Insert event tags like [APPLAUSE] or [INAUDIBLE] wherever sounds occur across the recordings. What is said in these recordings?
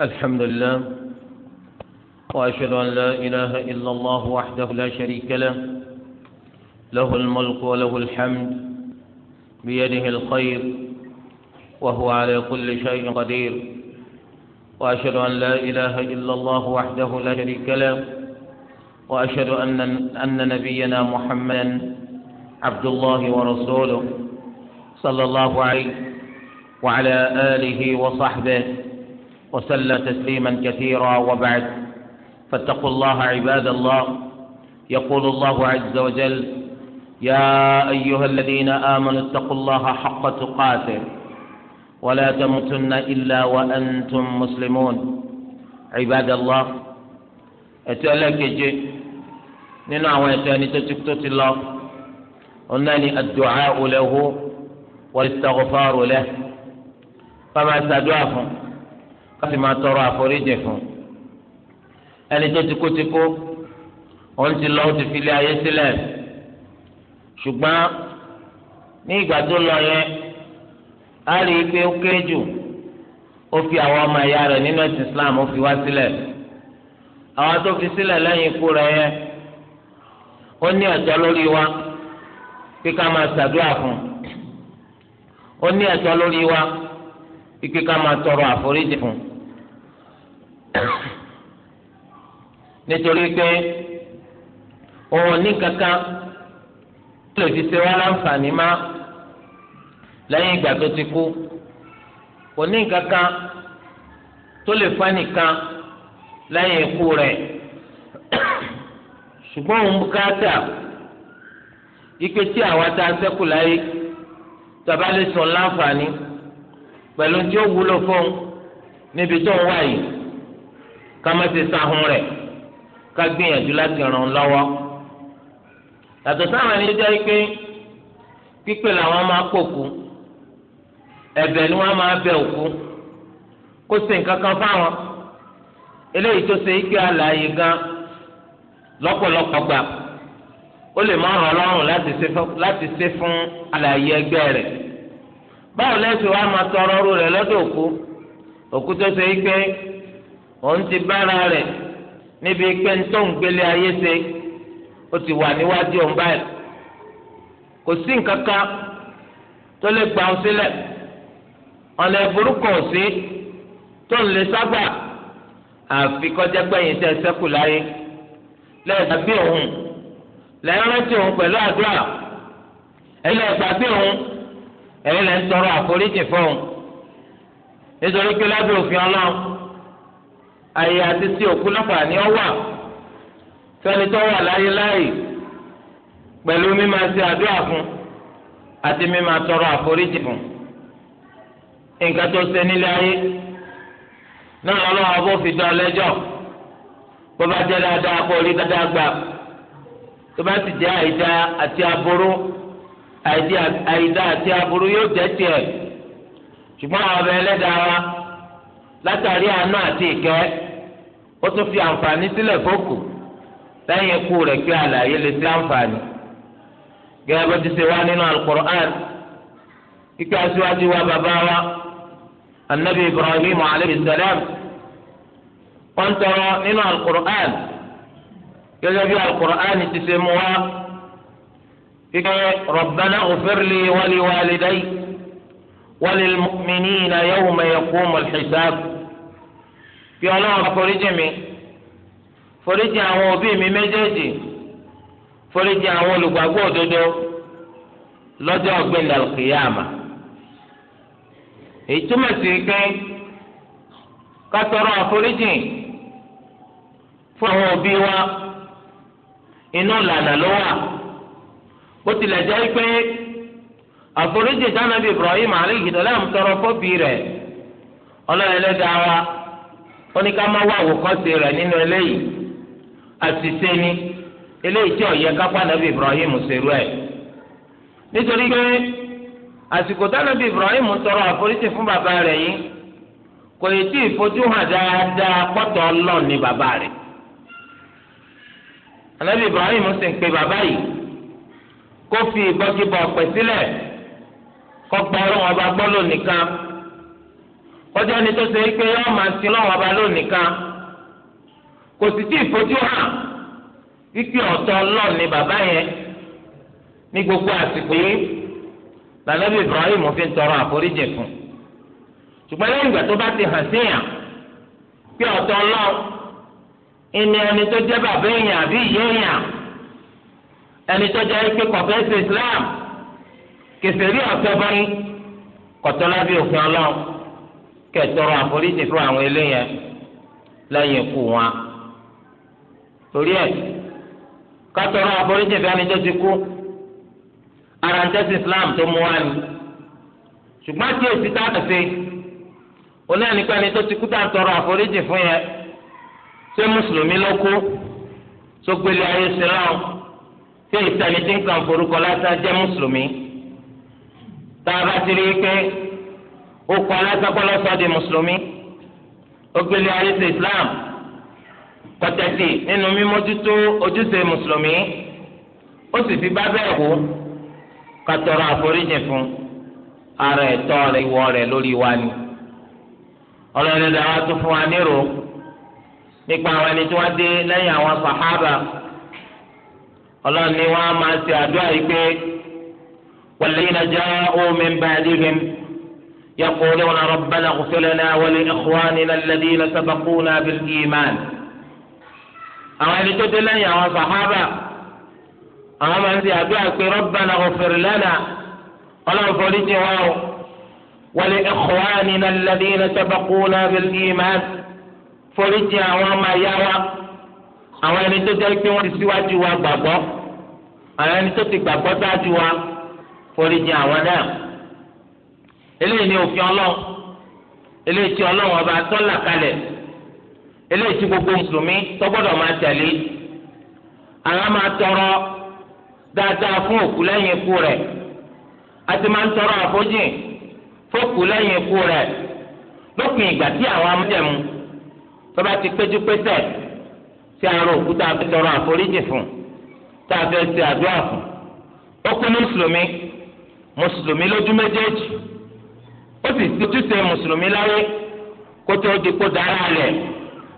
الحمد لله وأشهد أن لا إله إلا الله وحده لا شريك له له الملك وله الحمد بيده الخير وهو على كل شيء قدير وأشهد أن لا إله إلا الله وحده لا شريك له وأشهد أن أن نبينا محمدا عبد الله ورسوله صلى الله عليه وعلى آله وصحبه وسلم تسليما كثيرا وبعد فاتقوا الله عباد الله يقول الله عز وجل يا ايها الذين امنوا اتقوا الله حق تقاته ولا تموتن الا وانتم مسلمون عباد الله ẹtẹlẹkẹjẹ جي àwọn ẹtẹni tó ti lọ ọ̀nàni àdùá òlẹ̀hu له ti tàkọ̀fà ká máa tọrọ àforíjì fún ẹni tó ti kú ti kú òun ti lọ ó ti fi ilé ayé sílẹ̀ ṣùgbọ́n ní ìgbà tó lọ yẹn fi àwọn ọmọ Islam ó fi wá àwọn tó fi ikú yẹn ó ní wa pé ká máa ṣàdúrà fún un ó ní lórí wa. ike ká máa tọrọ àforíjì fún nítorí pé òun ní kankan lè fi ṣe wá láǹfààní má lẹ́yìn ìgbà tó ti kú kò ní kankan tó lè fa nìkan lẹ́yìn ikú rẹ̀ ṣùgbọ́n òun bùkátà ike tí àwa ta sẹ́kù láyé tàbá lè sùn láǹfààní pẹ̀lú tí ó wúlò fún níbi tó ń wá yìí ká má ti sahun rẹ̀ ká gbìyànjú láti ràn lọ́wọ́ yàtọ̀ sáwọn ẹni jẹ́ pé pípé làwọn máa pòkú ẹ̀bẹ̀ ni wọ́n máa bẹ òkú kó ṣe nǹkan kan fáwọn eléyìí tó ṣe ike àlàyé gan lọ́pọ̀lọpọ̀ gbà ó lè má ràn lọ́rùn láti ṣe fún àlàyé ẹgbẹ́ rẹ̀ báwo lẹ́sìn wa máa tọrọ ọrú rẹ̀ lọ́dọ̀ òkú òkú tó ṣe é pé òun ti bára rẹ̀ níbi pé ń tó ń gbélé ayé ṣe ó ti wà níwájú òun báyìí kò sí nǹkan kan tó lè gbà ọ sílẹ̀ ọ̀nà ìburúkọ sí tó ń lè sábà àfi kọjá gbẹ̀yìn tẹ sẹ́kù láyé lẹ́ẹ̀dá bí òun òun pẹ̀lú àdúrà ẹ̀yìn òun. ẹ̀yin lẹ́ ń tọrọ àforíjì fún nítorí pé lábẹ́ òfin ọlọ́run àyè àti sí òkú lọ́pàá ni ọ wà fẹ́ni tó wà láyé láàyè pẹ̀lú mímá ṣe àdúrà fún àti mímá tọrọ àforíjì fún nǹkan tó ṣe nílé ayé náà lọ́wọ́ bó fi dán lẹ́jọ́ bó bá jẹ́ dáadáa kó rí dáadáa gbà tó bá sì jẹ́ àìdá àti aburú àìdá àti aburú yóò jẹ́ tiẹ̀ ṣùgbọ́n àwọn ọbẹ̀ ẹlẹ́dàá wa látàrí àánú àti ìkẹ́ ó tún fi àǹfààní sílẹ̀ fókù lẹ́yìn ikú rẹ̀ pé àlàyé lè sí àǹfààní gẹ́gẹ́ bó ti ṣe wá nínú alukur'an kíkẹ́ aṣíwájú wa bàbá wa anabi ibrahim alayhi salam wọ́n tọrọ nínú alukur'an gẹ́gẹ́ bí alukur'an ti ṣe mú wa kíkẹ́ rabbana ufirli wali walidayi walil mu'minina yawma yaqumul hisab kí ọlọ́run foríjì mi foríjì àwọn òbí mi méjèèjì foríjì àwọn olùgbàgbọ́ òdodo lọ́jọ́ ọ̀gbìn dàlùkìyàmà èyí túmọ̀ sí pé ká tọrọ àforíjì fún àwọn òbí wa inú ìlànà ló wà bó tilẹ̀ jẹ́ pé àforíjì dánábì Ibrahim alayhi salam tọrọ fọ́bì rẹ̀ ọlọ́run ẹlẹ́dàá wa ó ní ká má wá àwòkọ́ṣe rẹ̀ nínú eléyìí àṣìṣe ni eléyìí tí ọ̀yẹ́ kápá nàbì Ibrahim ṣerú ẹ̀ nítorí pé àsìkò dánábì Ibrahim tọrọ àforíjì fún bàbá rẹ̀ yìí kò yìí tí ìfojú hàn dáadáa pọ́tọ̀ ọlọ́ọ̀ bàbá rẹ̀ ànábì Ibrahim sì ń pe bàbá yìí. kó fi ìbọgibọ ọpẹ sílẹ̀ kó gba Ọlọ́run ọba gbọ́ ọjọ́ ni tó ṣe é pé yọọ máa sin Ọlọ́run ọba lónìkan kò sì tí ì fojú hàn wípé ọ̀tọ̀ ni bàbá yẹn ní gbogbo àsìkò yìí lànàbí Ibrahim fi ń tọrọ àforíjì fún ṣùgbọ́n lẹ́yìn ìgbà tó bá ti hàn síyàn pé ọ̀tọ̀ tó jẹ́ bàbá èèyàn àbí ìyá ẹni tó jẹ́ ike kọ̀fẹ́sì islam kẹsìrì ọ̀sẹ̀ bọ́ni kọ̀tọ́lá bí òfin ọlọ́run kẹtọrọ àforíjì fún àwọn eléyẹn lẹ́yìn ikú wọn. torí ẹ̀ kátọrọ àforíjì fún ẹni tó ti kú ara ń tẹ́sí islam tó mú wá ni ṣùgbọ́n tí èsì tá a tẹ̀ sí onáníkà ni tó ti kú tá a tọrọ àforíjì fún yẹn ṣé mùsùlùmí ló kú tó gbélé ayé sí lọ́wọ́ tí ìsẹ̀ni tí ń kàn forúkọ lásán jẹ́ mùsùlùmí tá a bá ti rí i pé ó kọ lásán kọ́ lọ́sọ̀ di mùsùlùmí ó gbélé ayé sí Islam kọ̀tẹ́tì nínú mímójútó ojúṣe mùsùlùmí ó sì fi bá bẹ́ẹ̀ kú kàtọ́rọ̀ àforíjì fún ara ẹ̀tọ́ rẹ̀ ìwọ rẹ̀ lórí wa ni ọlọ́run ẹ̀dá wa tún fún wa nírò nípa àwọn ẹni tí wọ́n dé lẹ́yìn àwọn sàhábà. ọlọ́ni wọ́n á máa ṣe àdúrà yìí pé والذين جاءوا من بعدهم يقولون ربنا اغفر لنا ولإخواننا الذين سبقونا بالإيمان àwọn ẹni tó dé lẹ́yìn àwọn sàhábà àwọn máa ń ṣe àdúrà pé ربنا اغفر لنا ọlọ́run forí jì wá o ولإخواننا الذين سبقونا بالإيمان forí jì àwọn ọmọ ìyá wa àwọn ẹni tó dé pé wọ́n ti síwájú wa gbàgbọ́. àwọn ẹni tó ti gbàgbọ́ dájú wa foríjì àwọn náà eléyìí ni òfin ọlọ́run eléyìí tí ọlọ́run ọba tọ́lá kalẹ̀ eléyìí tí gbogbo mùsùlùmí tó gbọ́dọ̀ máa tẹ̀lé àwọn máa tọrọ dáadáa fún òkú lẹ́yìn ikú rẹ̀ àti máa ń tọrọ àfojìn fókù lẹ́yìn ikú rẹ̀ lópin ìgbà tí àwọn amúdẹ̀mú tó ti péjú pésẹ̀ sí ara òkúta tọrọ àforíjì fún un tá a fẹ́ ṣe àdúrà fún ó kún ní mùsùlùmí mùsùlùmí lójú méjèèjì ó sì ojúṣe mùsùlùmí láyé kó tó di kó dára lẹ̀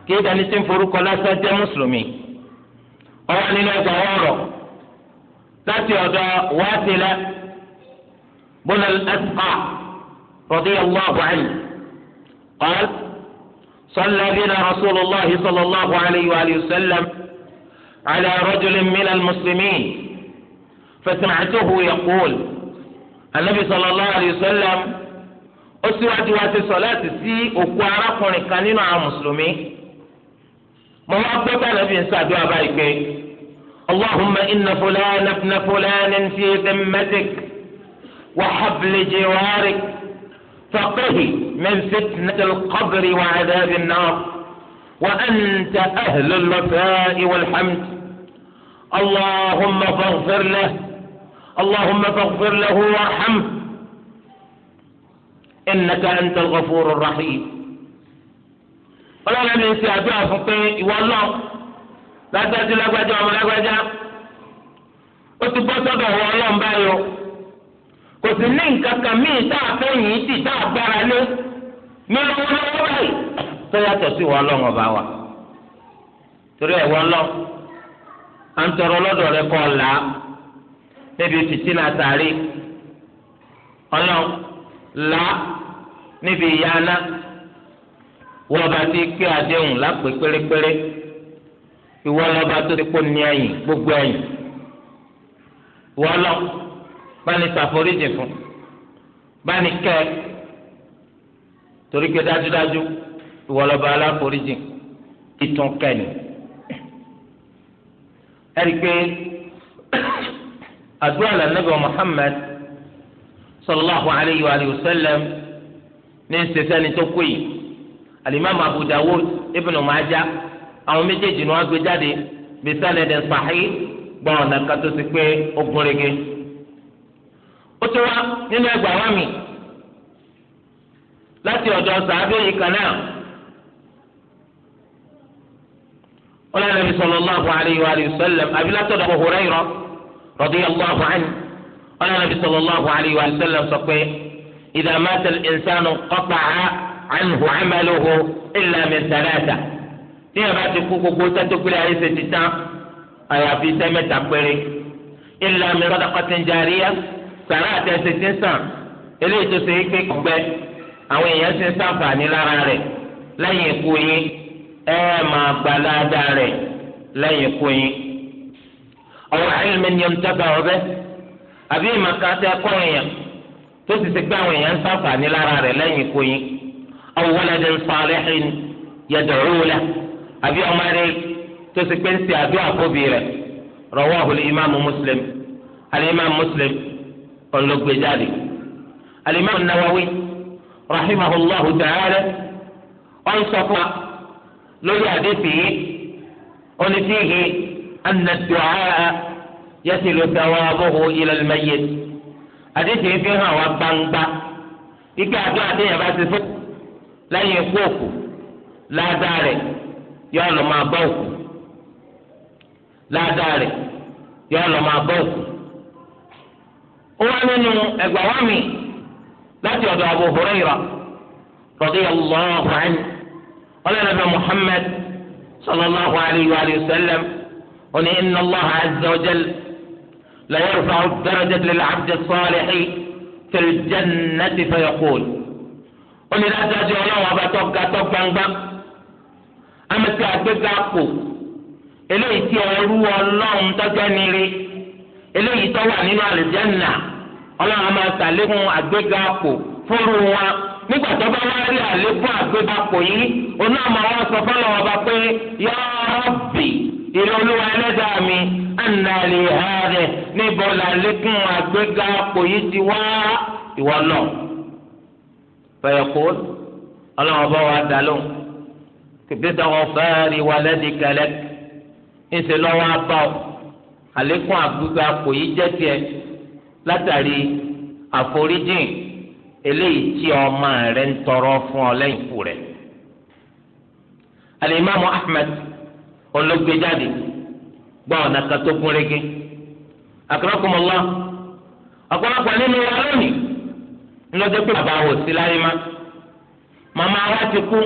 kí ẹni tí ń forúkọ lásán jẹ́ mùsùlùmí ọwọ́ nínú ẹgbẹ́ ọ̀rọ̀ láti ọ̀dọ̀ wáṣílẹ̀ bọ́lá ẹ̀sìkà radiyallahu wa alayhi wa sallam. على رجل من المسلمين فسمعته يقول النبي صلى الله عليه وسلم أسرعت síwájú الصلاة سي sọ̀láàtì sí òkú arákùnrin ما هو أبدا mùsùlùmí سعد máa اللهم إن فلان ابن فلان في ذمتك وحبل جوارك فقه من فتنة القبر وعذاب النار وأنت أهل الوفاء والحمد اللهم فاغفر له اللهم فاغفر له وارحمه إنك أنت الغفور الرحيم ọlọ́run ẹni ṣe àdúrà fún pé ìwọ lọ lágbájú lágbájá ọmọ lágbájá ó ti bọ́ sọ́dọ̀ ọ̀wọ́ ọlọ́run báyọ̀ kò sí ní nǹkan kan míì tá a fẹ́ yìí tì tá a gbára lé ní ọwọ́ lọ́wọ́ báyìí tó yàtọ̀ sí ìwọ ọlọ́run ọba wa torí ẹ̀wọ́ ọlọ́run à ń tọrọ lọ́dọ̀ rẹ kọ́ ọ̀la níbi fìtínà tàrí ọlọ́run la níbi ìyáná wọ́n bá ti pé àdéhùn lápè pérépéré ìwọ lọ́ba tó ti kó ní ẹ̀yìn gbogbo ẹ̀yìn ìwọ lọ báni ṣàforíjì fún báni kẹ́ torí pé dájúdájú ìwọ lọ́ba aláforíjì ìtún kẹ́ni. ẹ̀rí pé àdúrà lànàbì Mohamed sallallahu alayhi wa sallam ní sẹ́sẹ́ni tó kú alimami Abu Dawud ibn Majah àwọn méjèèjì ni wọ́n gbé jáde bí sanadin sahih gbọ́n ọ̀nà kan tó ti pé wa ولا النبي صلى الله عليه وآله وسلم أبي لا تدع أبو هريرة رضي الله عنه ولا النبي صلى الله عليه وآله وسلم صفيه إذا مات الإنسان انقطع عنه عمله إلا من ثلاثة tí a bá ti kú gbogbo sẹ́tò pé ayé ṣe ti tán àyàfi iṣẹ́ mẹ́ta péré ilà mi rọ́dà kọ́tí ń jaríyá sàrà àti ẹsẹ̀ ti ń sàn eléyìí tó ṣe é pé kọ̀gbẹ́ àwọn èèyàn ti ń sàǹfààní lára rẹ̀ lẹ́yìn ikú yín. ẹ máa gba ládàá rẹ lẹ́yìn kú yín ọwọ ẹlẹmẹ ni ọmọ tábà ọbẹ àbí ìmọ̀ká tẹ kọ́ èèyàn tó ti ti gbé àwọn èèyàn ń sàǹfààní lára rẹ lẹ́yìn kú yín ọwọ wọlẹdẹ ń falẹ ẹn yẹdọrọ wọlẹ àbí ọmọ rẹ tó ti pé ń àdó àkóbì rẹ ìmáàmù mùsùlùm alimami mùsùlùm ọlọgbẹjáde alimami nawawi rahimahullahu ta'ala ọ̀n lórí àdéhùn yìí onífíhì anadua yẹtìlú sáwọ abóhù ìlàlùmẹyẹ àdéhùn yìí fi hàn wá gbangba ike àdó àdéhùn bá ti fún lẹ́yìn ikú òkú ládàá rẹ̀ yóò lọ máa bá òkú ládàá yóò lọ máa bá òkú ó wá nínú ẹgbàá wá mi láti ọ̀dọ̀ Abu Hurairah radiyallahu anhu ọlọ́nàbẹ muhammed sallallahu alayhi wa sallam oní inna allah azza wa jal la yarfa'u darajat lil abdi salihi fil jannati fayaqul oní dájúdájú ọlọ́wọ́ ọba tó ga tó gbangba amẹ́tí àgbéga kù eléyìí tí ẹrú ọlọ́run tọ́jú ẹni rí eléyìí tó wà nínú àlùjánnà ọlọ́run máa ṣàlékún àgbéga kù fúru wọn. nígbà tó bá wá rí àlékún àgbébapò yìí oná àmọ́ wọn sọ fọlọ́ ọba pé yọ olúwa mi ànàlè ààrẹ níbo làlékún àgbégapò yìí ti wá ìwọ wà lẹ́dí kẹlẹ́ ńṣe lọ́wọ́ abá àlékún àgbégapò eléyìí tí ọmọ rẹ ń tọrọ fún ọ ala ikú rẹ̀ alimami ahmed olóògbéjáde gbọ́ ọ̀nà kan tó gún régé akọ́nàkùnmọ́lá ọ̀pọ̀lọpọ̀ nínú wa lónìí ńlọ́jọ́ pé bàbá wò sí màmá wa ti kú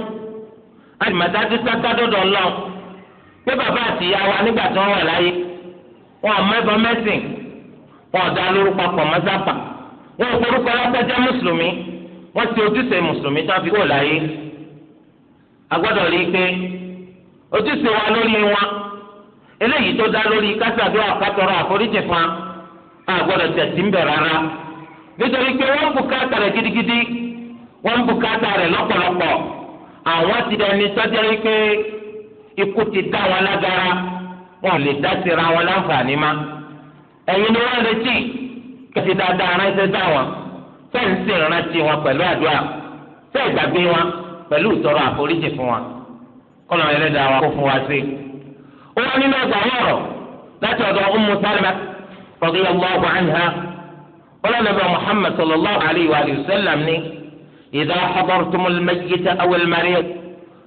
àdìmọ̀dájú sátádọ́dọ̀ lọ pé bàbá àti ìyá wa nígbà tí wọ́n wà láyé wọn mẹ́sìn wọn lórúkọ pọ̀ wọn forúkọ lásán jẹ́ mùsùlùmí wọ́n ti ojúṣe mùsùlùmí tó fi kó láyé a gbọ́dọ̀ rí i pé ojúṣe wa lórí wọn eléyìí tó dá lórí kásàdúrà kátọrọ àforíjì fún wa a gbọ́dọ̀ ń bẹ̀ rárá nítorí pé gidigidi wọn lọpọlọpọ àwọn ti dẹni ikú ti dá wọn lágara wọn lè dá wọn láǹfààní má ni kẹsì dáadáa ránṣẹ́ sáwọn fẹǹsì rántí wọn pẹ̀lú àdúrà fẹẹ gbàgbé wọn pẹ̀lú ìtọrọ àforíjì fún wọn kọlọ Ẹlẹ́dàá wa kó fún wa sí. ó wá nínú ẹgbàá wọrọ láti ọ̀dọ̀ Ummu Salama radiyallahu anha ọlọ́nàbà Muhammad sallallahu alayhi wa sallam ni ìdá tó idha hadartumul mayyita awil marid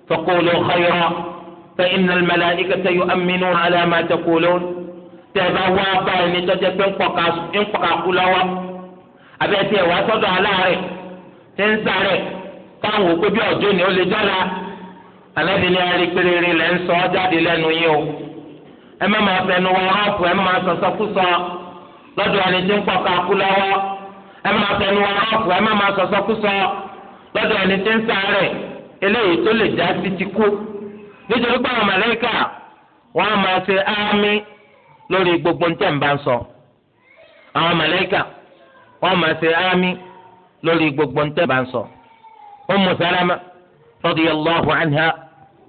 faqulu khayran fa innal malaikata yu'minuna ala ma taqulun. tẹ́ẹ̀bá wá bá ẹni tọ́jẹ́ pé ńpọ̀ka kú lọ́wọ́ abẹ́tí ẹ̀wá sọ́dọ̀ aláàárẹ̀ tí ń sáré òkú bí ni ó lè o ẹ má máa fẹnu wọn ẹ má máa kú sọ lọ́dọ̀ ẹni tí ń kú lọ́wọ́ ẹ má máa fẹnu wọn ẹ má máa kú sọ lọ́dọ̀ ẹni tí ń sáré eléyìí tó lè já sí ti kú nítorí pé àwọn wọ́n á lórí gbogbo ntẹ̀ ń bá ń sọ àwọn màláíkà wọ́n máa ṣe ámì lórí gbogbo ntẹ̀ ń bá ń sọ Ummu Salama radiyallahu anha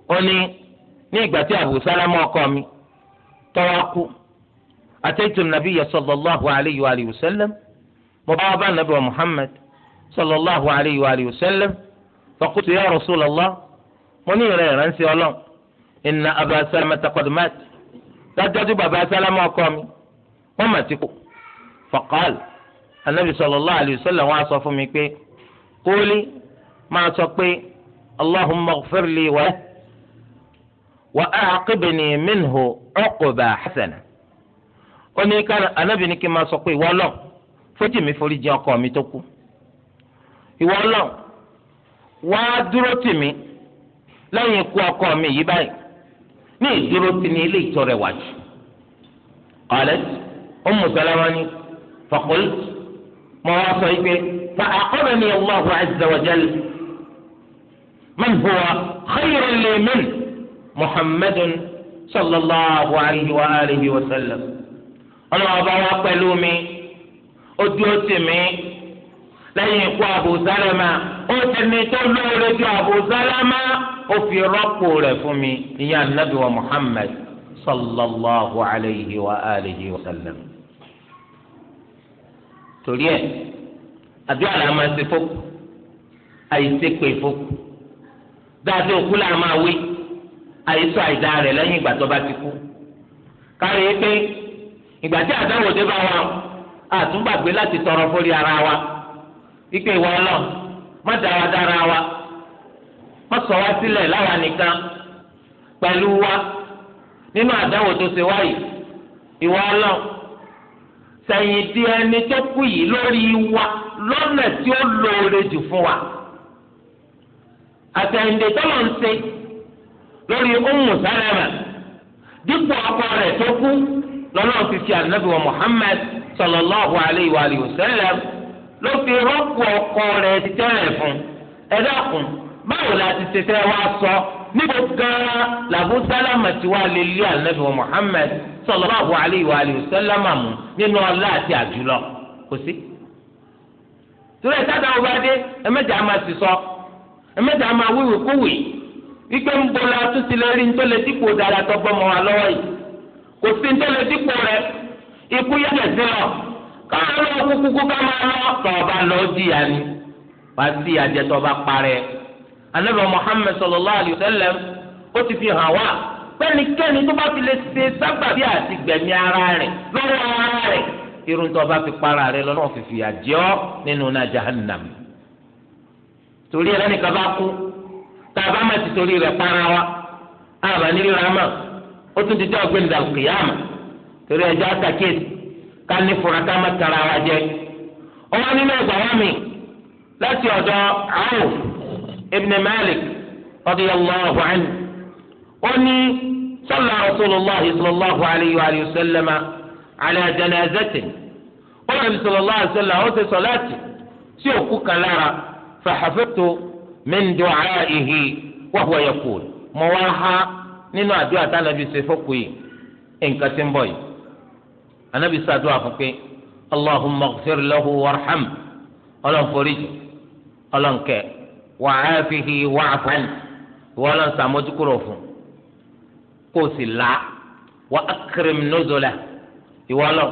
ó ní ní ìgbà tí Abu Salama ọkọ mi tọ́wọ́ kú ataitu nabiyya sallallahu alayhi wa alihi wa sallam mo bá wà bá nàbí wa Muhammad sallallahu alayhi wa alihi wa sallam faqultu ya rasulallah mo ní ìrẹ̀ ìránṣẹ́ ọlọ́run inna Aba lọ́jọ́ tí baba sálámà ọkọ mi wọ́n mà ti kú fọ̀kọ́ọ̀lù anabi sallallahu alayhi wa sallam wá sọ fún mi pé kúlí máa sọ pé allahumma ighfir li wa wa a'aqibni minhu uqba hasana ó ní ká anabi ní kí n máa sọ pé ìwọ lọ mi forí jìn ọkọ mi tó kú ìwọ wá dúró tì mí lẹ́yìn ikú ọkọ mi yìí báyìí ní ìdúró ti ní ilé ìtọ́ rẹ̀ wájú. ọ̀lẹ́ Ummu Salama ni faqult mọ wá sọ yìí pé fa aqamani Allahu azza wa jalla man huwa khayrun li min Muhammadun sallallahu alayhi wa alihi wa sallam ọlọ́wọ́ bá wá pẹ̀lú mi lẹ́yìn ikú Abu Salama ó ti ní tó lóore ju Abu Salama ó fi rọ́pò rẹ̀ fún mi ìyá anabi wa Muhammad sallallahu alayhi wa alayhi wa sallam. torí ẹ̀ àbí àlàmà ṣe fọ́kù àyíṣe pé fọ́kù dáadé òkú là máa wí àyíṣọ àìdá rẹ̀ lẹ́yìn ìgbà tó bá ti kú kárí pé ìgbà tí àdáwò dé bá wa àtúngbàgbé láti tọrọ fórí ara wa. ike ìwọ ọlọ́run má dára wa má sọ wá sílẹ̀ láwa nìkan pẹ̀lú wa nínú àdáwò tó ṣe di ẹni tó kú yìí lórí wa lọ́nà tí ó lóore jù fún wa ń ṣe lórí dípò ọkọ rẹ̀ tó kú lọ́nà òfìfì wa Muhammad sallallahu alayhi wa sallam. ló fi rọ́pò ọkọ rẹ̀ ti tẹ́lẹ̀ fún ẹ dákun báwo la ti tètè wá sọ níbo gan-an làbú sálámà ti wá lè lé ànábì wa Muhammad sallallahu alayhi wa alihi wa sálámà mú nínú ọlá àti àjùlọ kò sí. torí ẹ̀ sáadà ọba dé ẹ̀mẹ́jà máa ti sọ ẹ̀mẹ́jà máa wíwì kúwì wípé ń bọ́lá tó ti lè rí nítorí dípò dára tó gbọ́mọ wa lọ́wọ́ yìí kò sí nítorí dípò rẹ̀ ikú yẹn lè sí káwọn lọ kúkú kú ká máa lọ tọba lọ jìyà ni wàá sí àjẹ tọba parẹ anabi muhammed sallallahu alayhi wa sallam ó ti fi hàn wá pẹ́nikẹ́ni tó bá fi lè ṣe sábàbí àti gbẹ̀mí ara rẹ̀ lọ́wọ́ ara rẹ̀ irun tó bá fi para rẹ̀ lọ́nà òfìfì àjẹ́ ọ́ nínú náà jahannam torí ẹ̀ lẹ́nìkan bá kú tá má ti torí rẹ̀ para wa àbá nílò ramá ó tún ti jẹ́ ọ̀gbìn dàlùkìyàmà torí ẹ̀jẹ̀ àtàkìyèsí ká ní fura ká má tara wa jẹ ọwọ́ nínú ẹgbàá wa mi láti ọ̀dọ̀ Awf ibn Malik radiyallahu anhu ó ní salla Rasulullahi sallallahu alayhi wa sallam ala janazatin ó lọ́ọ́ sallallahu alayhi wa sallam ó ti sọ̀láàtì sí òkú kan lára fàhàfẹ́tò min du'aihi wa huwa yaqul mọ̀ wá ha nínú àdúrà tánàbí ṣe fọ́kù yìí nǹkan anabi sàdúrà fún pé allahumma ghfir lahu warham ọlọ́n foríjì ọlọ́n kẹ wàhálàfihì wàhálàfihàn ìwọ ọlọ́n sàmójúkúrò fún kó o sì là wà akrim nuzulah ìwọ ọlọ́n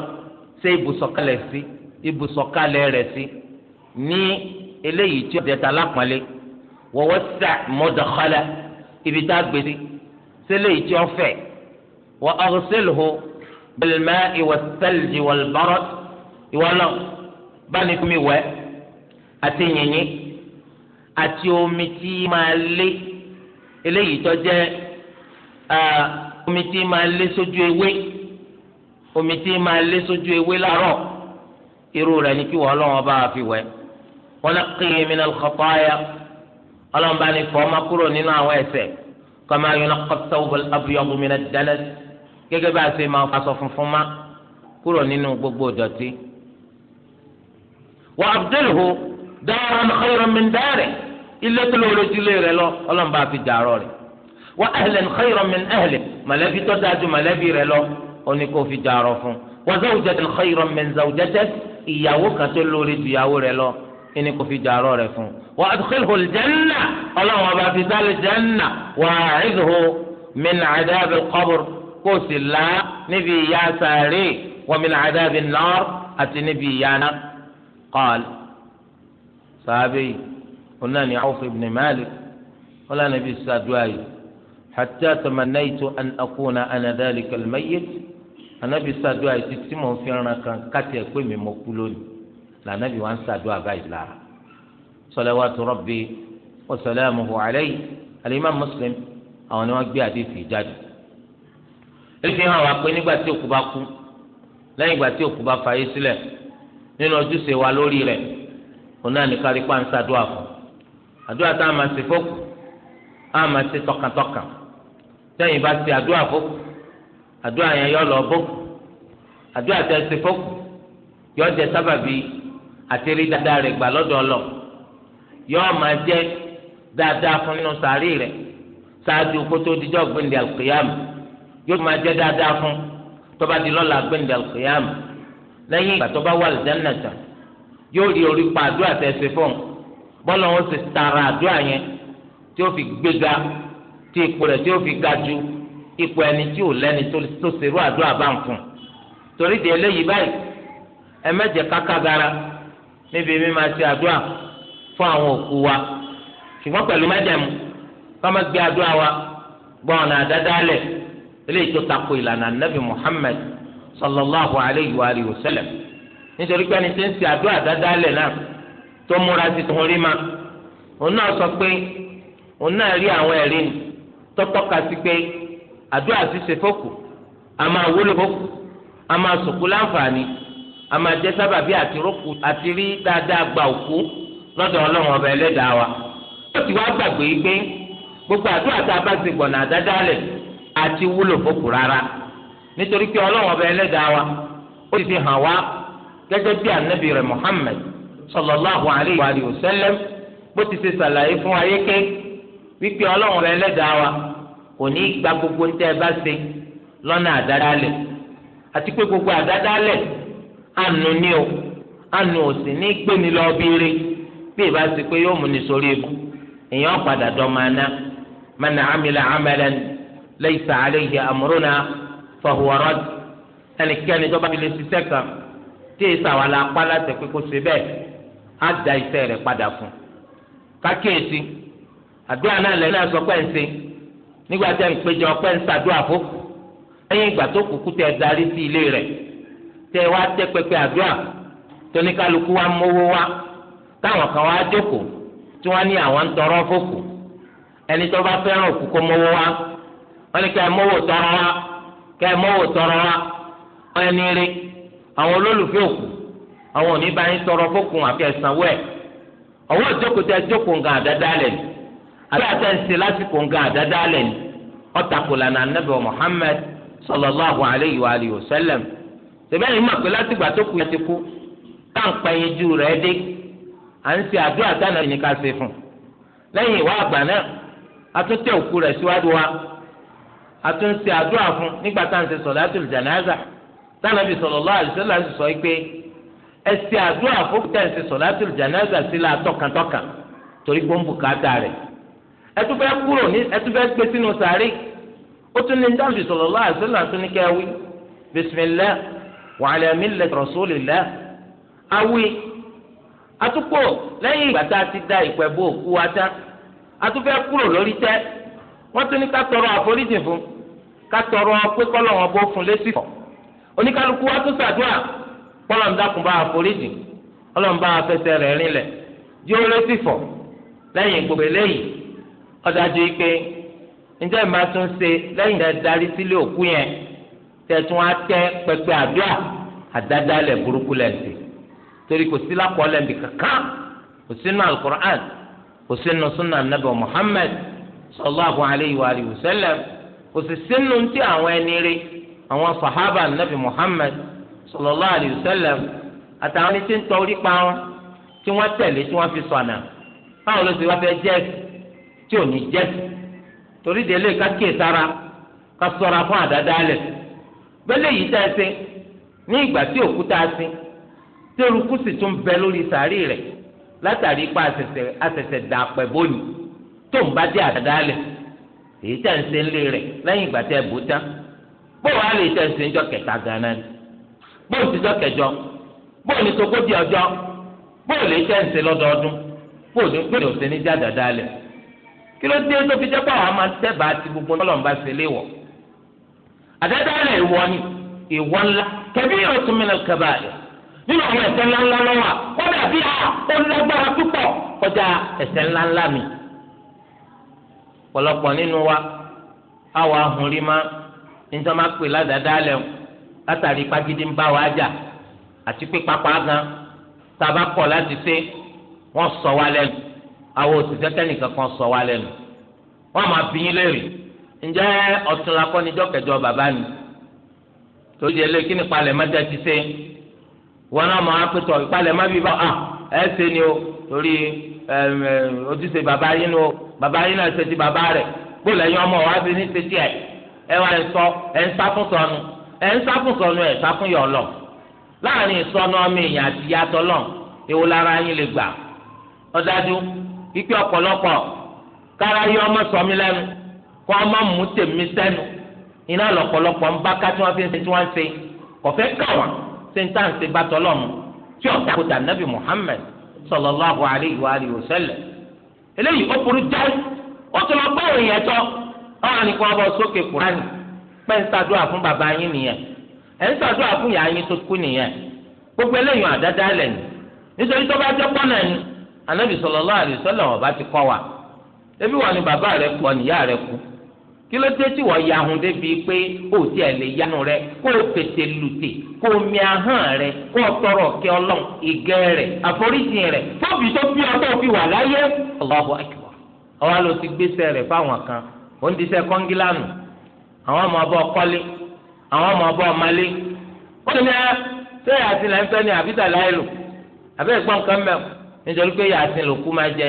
ṣe ibùsọ̀kalẹ̀ sí ibùsọ̀kalẹ̀ rẹ̀ sí ní eléyìí tí ó dẹ̀ta lápọ̀nlé wọ́wọ́ sà mọ́dọ̀kọ́lá ibi tá a gbèsè sí eléyìí tí ó fẹ̀ wà aghsilhu. بالماء والثلج والبرد ìwọlọ báni kúmi wẹ àti yìnyín àti omi tí máa lé eléyìí tó jẹ omi tí máa lé sójú ewé omi tí máa lé sójú ewé láàárọ̀ irú rẹ̀ ni kí wọn lọ́wọ́ bá wa fi wẹ wọn náà kí yìí minal khataya ọlọ́run bá ní fọ́ ọmọ kúrò nínú àwọn ẹ̀ṣẹ̀ kama yunaqqa ath-thawb al-abyad min ad-danas gẹ́gẹ́ bá a ṣe máa faṣọ funfun má kúrò nínú gbogbo ìdọ̀tí. wà á abdulhu dáhùn khayran min dáre ilé tó lóore ju ilé rẹ lọ ọlọ́mọba fi dàrọ rẹ wà ahlan khayran min ahli mọ̀lẹ́bí tó dáa ju rẹ lọ ó ní fi dàrọ fún wà zawjatan khayran min zawjatihi ìyàwó kan tó lóore ju ìyàwó rẹ lọ ẹni kò fi dàrọ rẹ fún wà adkhilhu aljanna ọlọ́mọba fi dàlẹ̀ janna wà a'idhu min kó o sì là á níbi ìyà sàárè wa min adhabi an-nar àti níbi ìyà náà qala sàábì onáni Awf ibn Malik onáni bí sàdúrà yìí hatta tamannaytu an akuna ana dhalika al-mayyit anabi sàdúrà yìí títí mò ń fi ran kan káti ẹ̀ pé mi mọ̀ kú lónìí lànàbí wọn sàdúrà báyìí lára salawatu rabbi wa salamuhu alayhi al-imam Muslim àwọn ni wọ́n gbé àdéhùn jáde eléyìí hàn wá pé nígbà tí òkú bá kú lẹ́yìn ìgbà tí òkú bá fàyè sílẹ̀ nínú ojúṣe wa lórí rẹ̀ òun náà ní kárí pàǹsá àdúrà fún àdúrà tá a máa ṣe fókù á máa ṣe tọkàntọkàn tẹ́yìn bá ṣe àdúrà fókù àdúrà yẹn yọ lọ bókù àdúrà tẹ́ ṣe fókù yọ jẹ sábàbí àtẹrí dáadáa rẹ̀ gbà lọ́dọ̀ ọlọ yọ máa jẹ dáadáa fún nínú sàárì rẹ̀ ṣáájú kótó dijọ́ gbẹ̀ndẹ̀ àlùkìyàmù yóò tún máa jẹ́ dáadáa fún tó bá di lọ́la gbẹ̀ndẹ̀ alqiyam lẹ́yìn ìgbà tó bá wà lìjánà tán yóò rí orí pa àdúrà tẹ̀sí fún bọ́lá wọn sì tara àdúrà yẹn tí ó fi gbéga tí ipò rẹ̀ tí ó fi ga ju ipò ẹni tí ò lẹ́ni tó ṣerú àdúrà bá ń fún torí di eléyìí báyìí ẹ káká gara níbi mi máa ṣe àdúrà fún àwọn òkú wa ṣùgbọ́n pẹ̀lú mẹ́jẹ̀mú ká má àdúrà wa gbọ́ ọ̀nà àdádálẹ̀ eléyìí tó tako ìlànà nabi muhammed sallallahu alayhi wa alihi wa sallam nítorí pé ẹni tí ń náà tó ma òun náà sọ pé òun náà rí àwọn ẹ̀rí tọ́tọ́ka sí pé àdúrà ṣíṣe fókù a máa wúlò fókù a máa sòkú láǹfààní a máa jẹ́ sábàbí àti rí dáadáa wa ó ti wá gbàgbé pé gbogbo àti wúlò fókù rárá nítorí pé ọlọ́run ọba ẹlẹ́dàá wa ó sì fi hàn wá gẹ́gẹ́ bí anabi rẹ̀ Muhammad sallallahu alayhi wa sallam bó ti ṣe ṣàlàyé fún ayé ké wípé ọlọ́run ọba ẹlẹ́dàá wa kò gbogbo ẹ bá ṣe lọ́nà gbogbo àdádálẹ̀ ni o àánú ò sì ní ni lọ bíire bí ìbá ṣe pé yóò mú ni sórí ikú èèyàn padà dọ́ máa ná ليس عليه أمرنا فهو رد أن كان جبا في الاستسكة تيسا ولا قلا تكوكو سبه أدى يسير قدفون كاكيسي أدى أنا لنا سوكوينسي nígbà tẹ péjọ lẹ́yìn ìgbà tó tẹ darí sí ilé tẹ wá tẹ pẹpẹ wa mówó wá táwọn kan wá jókòó tí ní àwọn ń tọrọ fókù ẹni tó bá fẹ́ràn òkú kó mówó wọ́n ní kẹ́ ẹ mọ́wó tọrọ wa kẹ́ ẹ mọ́wó tọrọ wa wọ́n ẹni rí àwọn olólùfẹ́ òkú àwọn òní bá yín tọrọ fókun àti ẹ̀sánwó ẹ̀ ọwọ́ ìjókòó tẹ jókòó nǹkan àdáda lẹ̀ ni àbí lásìkò nǹkan àdáda lẹ̀ ni ọ̀tàkùn lànà anábẹ́ sallallahu alayhi wa alayhi wa sallam tẹ̀bẹ́ yìí mọ̀ pé tó kù yẹn ti kú ju rẹ̀ dé à ń ṣe àdúrà tánà fún lẹ́yìn ìwà àgbà àtúnṣe àdúrà fún nígbà tá à ń ṣe sọ̀látul janaza tánàbì sallallahu alaihi wasallam sọ pé ẹ ṣe àdúrà fún tá à ń ṣe sọ̀látul janaza sílẹ̀ àtọkàntọkàn torí gbóǹbù káàtà rẹ̀ ẹ tún fẹ́ kúrò ní ẹ tún fẹ́ gbé sínú sàárè ó tún ní tánàbì sallallahu alaihi wasallam tún ní kẹ́ wí bismillah wa ala millati rasulillah awi atukpo lẹ́yìn ìgbà tá a ti da ìpẹ́ òkú wa tán a wọ́n tún ní ká tọrọ àforíjì fún un kátọrọ pé kọ́lọ̀ wọn bó fún lẹ́sì fọ̀ oníkálukú wa tó ṣàdúrà kọ́lọ̀ ń bá àforíjì kọ́lọ̀ ń bá afẹsẹ̀ rẹ̀ rinlẹ̀ yóò lẹ́sì fọ̀ lẹ́yìn gbogbo eléyìí ọ̀dájú ike tún ṣe sílé òkú yẹn á pẹpẹ àdúrà burúkú torí kò sí kankan kò alayhi wa kò sì sínú tí àwọn ẹni rí àwọn sàhábà nàbì Muhammad sallallahu alayhi wa sallam àtàwọn ẹni tí ń tọ orí pa wọn tí wọ́n tẹ̀lé tí wọ́n fi sọnà báwo ló sì wá fẹ́ jẹ́ tí ò ní jẹ́ torí délé ká sára ká fún àdádálẹ̀ bẹ́lẹ̀ yìí tẹ́ ẹ sí ní ìgbà tí òkúta sí tí sì tún bẹ lórí sàárì rẹ̀ látàrí ipa asese àṣẹ̀ṣẹ̀ dàpẹ̀ bóyìí tó ń bá èyí tẹ̀ ń ṣe ń lé rẹ̀ lẹ́yìn ìgbà tẹ́ bó tán bóun á lè tẹ̀ ń ṣe ń jọ kẹta gan ni bóun ti jọ kẹjọ bóun ní sokódì ọjọ́ bóun lè tẹ̀ ń ṣe lọ́dọọdún bóun ní gbèrò ṣe ní jáde dálẹ̀ kí ló dé tó fi jẹ́ pé àwọn máa ń tẹ̀bà àti gbogbo ọlọ́run bá ṣe léwọ̀ àdádálẹ̀ ìwọ ni ìwọ ńlá kẹbí yóò tún mí lọ́kẹ́bà rẹ̀ nínú àwọn ẹ̀ṣẹ̀ ńláńlá lọ́wọ́ pọ̀lọpọ̀ nínú wa àwọn ahùnrí má níta má pè ládàáda lẹ́wọ̀n látàrí pagídí ń bá wa jà àti pé pápá gan tàbá kọ̀ láti ṣe wọ́n sọ wa lẹ́nu àwọn òṣìṣẹ́ tẹ́nìkan kan sọ wa lẹ́nu wọ́n máa bí yín léèrè ǹjẹ́ ọ̀tún la kọ́ kẹjọ bàbá ni torí ẹ lé kí ni palẹ̀ má jẹ́ ti ṣe wọn náà máa pẹ̀tọ̀ ìpalẹ̀ má bí bá ah, ẹ ṣe ni o torí ojúṣe bàbá yín ni o bàbá yín náà ṣe ti bàbá rẹ̀ kó lẹ́yìn ọmọ wa fi ní ṣe ti ẹ̀ ẹ wá ń sọ ẹ̀ ń sáfún sọnù ẹ̀ ń sáfún sọnù ẹ̀ sáfún yọ̀ lọ láàrin ìsọnù ọmọ èèyàn àti yàtọ̀ lọ èwo lára yín lè gbà ọ̀dájú ikú ọ̀pọ̀lọpọ̀ kára yọ ọmọ sọmi lẹ́nu kó ọmọ mú tèmi sẹ́nu iná lọ̀pọ̀lọpọ̀ ń bá ká tí wọ́n fi ń ṣe tí wọ́n ń ṣe kọ̀fẹ́ káwọn ṣe ń tà ń ṣe bàtọ́ lọ́mù tí ọ̀tá nàbì Muhammad sallallahu alayhi wa alihi wa eléyìí ó burú jáì ó tún lọ bá òyìnbó tọ ọ̀rọ̀ àníkàn ọbọ̀ sókè kúránì pẹ́ ń ṣàdúrà fún bàbá yín nìyẹn ẹ̀ ń ṣàdúrà fún ìyá yín tó kú nìyẹn gbogbo eléyìí àdáda nítorí tó bá ni ti kọ́ wa ebi wà ní bàbá rẹ̀ kú ọ̀nìyá rẹ̀ kí ló dé tí wọ́n ya ahun débi pé ó tiẹ̀ lè yanu rẹ kó o tètè lùtè kó o mi ahọ́n rẹ kó o tọrọ kí ọlọ́run ìgẹ́ rẹ àforíjìn rẹ fóbi tó bí ọ fi wà láyé Allahu akbar àwa ló ti gbéṣẹ́ rẹ̀ fáwọn kan ó ń diṣẹ́ kọ́ngílánù àwọn ọmọ ọba ọkọ́lé àwọn ọmọ ọba ọmọlé ó ní ẹ ṣé yàtí là ń fẹ́ ni àbí dàláìlù àbẹ́ ìgbọ́n kan mẹ́wọ̀ nítorí pé yàtí lòkú máa jẹ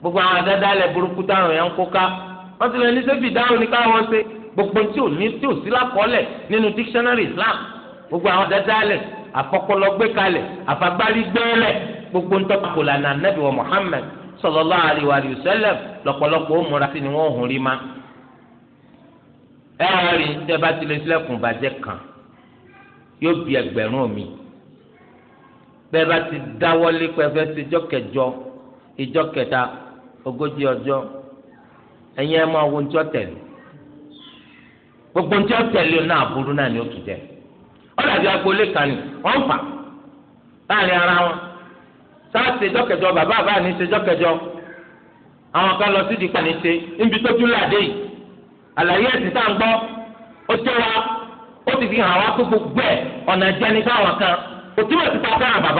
gbogbo àwọn àdáda lẹ burúkú táwọn yẹn ń kó ká wọ́n ti lè ní sẹ́fì dáhùn ní káwọn ṣe gbogbo tí ò ní tí ò sí lákọọ́lẹ̀ nínú dictionary Islam gbogbo àwọn àdáda lẹ àfọkọlọ gbé kalẹ̀ gbogbo ń tọ́ka kò lànà wa Muhammad sallallahu alaihi wa sallam lọ́pọ̀lọpọ̀ ó múra sí ni wọ́n hùn rí ma ogójì ọjọ́ ẹ̀yin ẹ máa wo ntí ọ̀tẹ̀lẹ̀ gbogbo ntí na náà burú náà ni ó tù jẹ ọ̀làbí agboolé kan ni wọ́n ń fà láàrin ara wọn sáà ṣèjọ́ kẹjọ bàbá àbá ní kẹjọ àwọn kan lọ sí di pàní ṣe níbi tó dúró àdé yìí àlàyé ẹ̀sìn tá à ń gbọ́ ó tó wa ó ti fi hàn wá pé gbogbo ẹ̀ ọ̀nà kan òtún a fẹ́ràn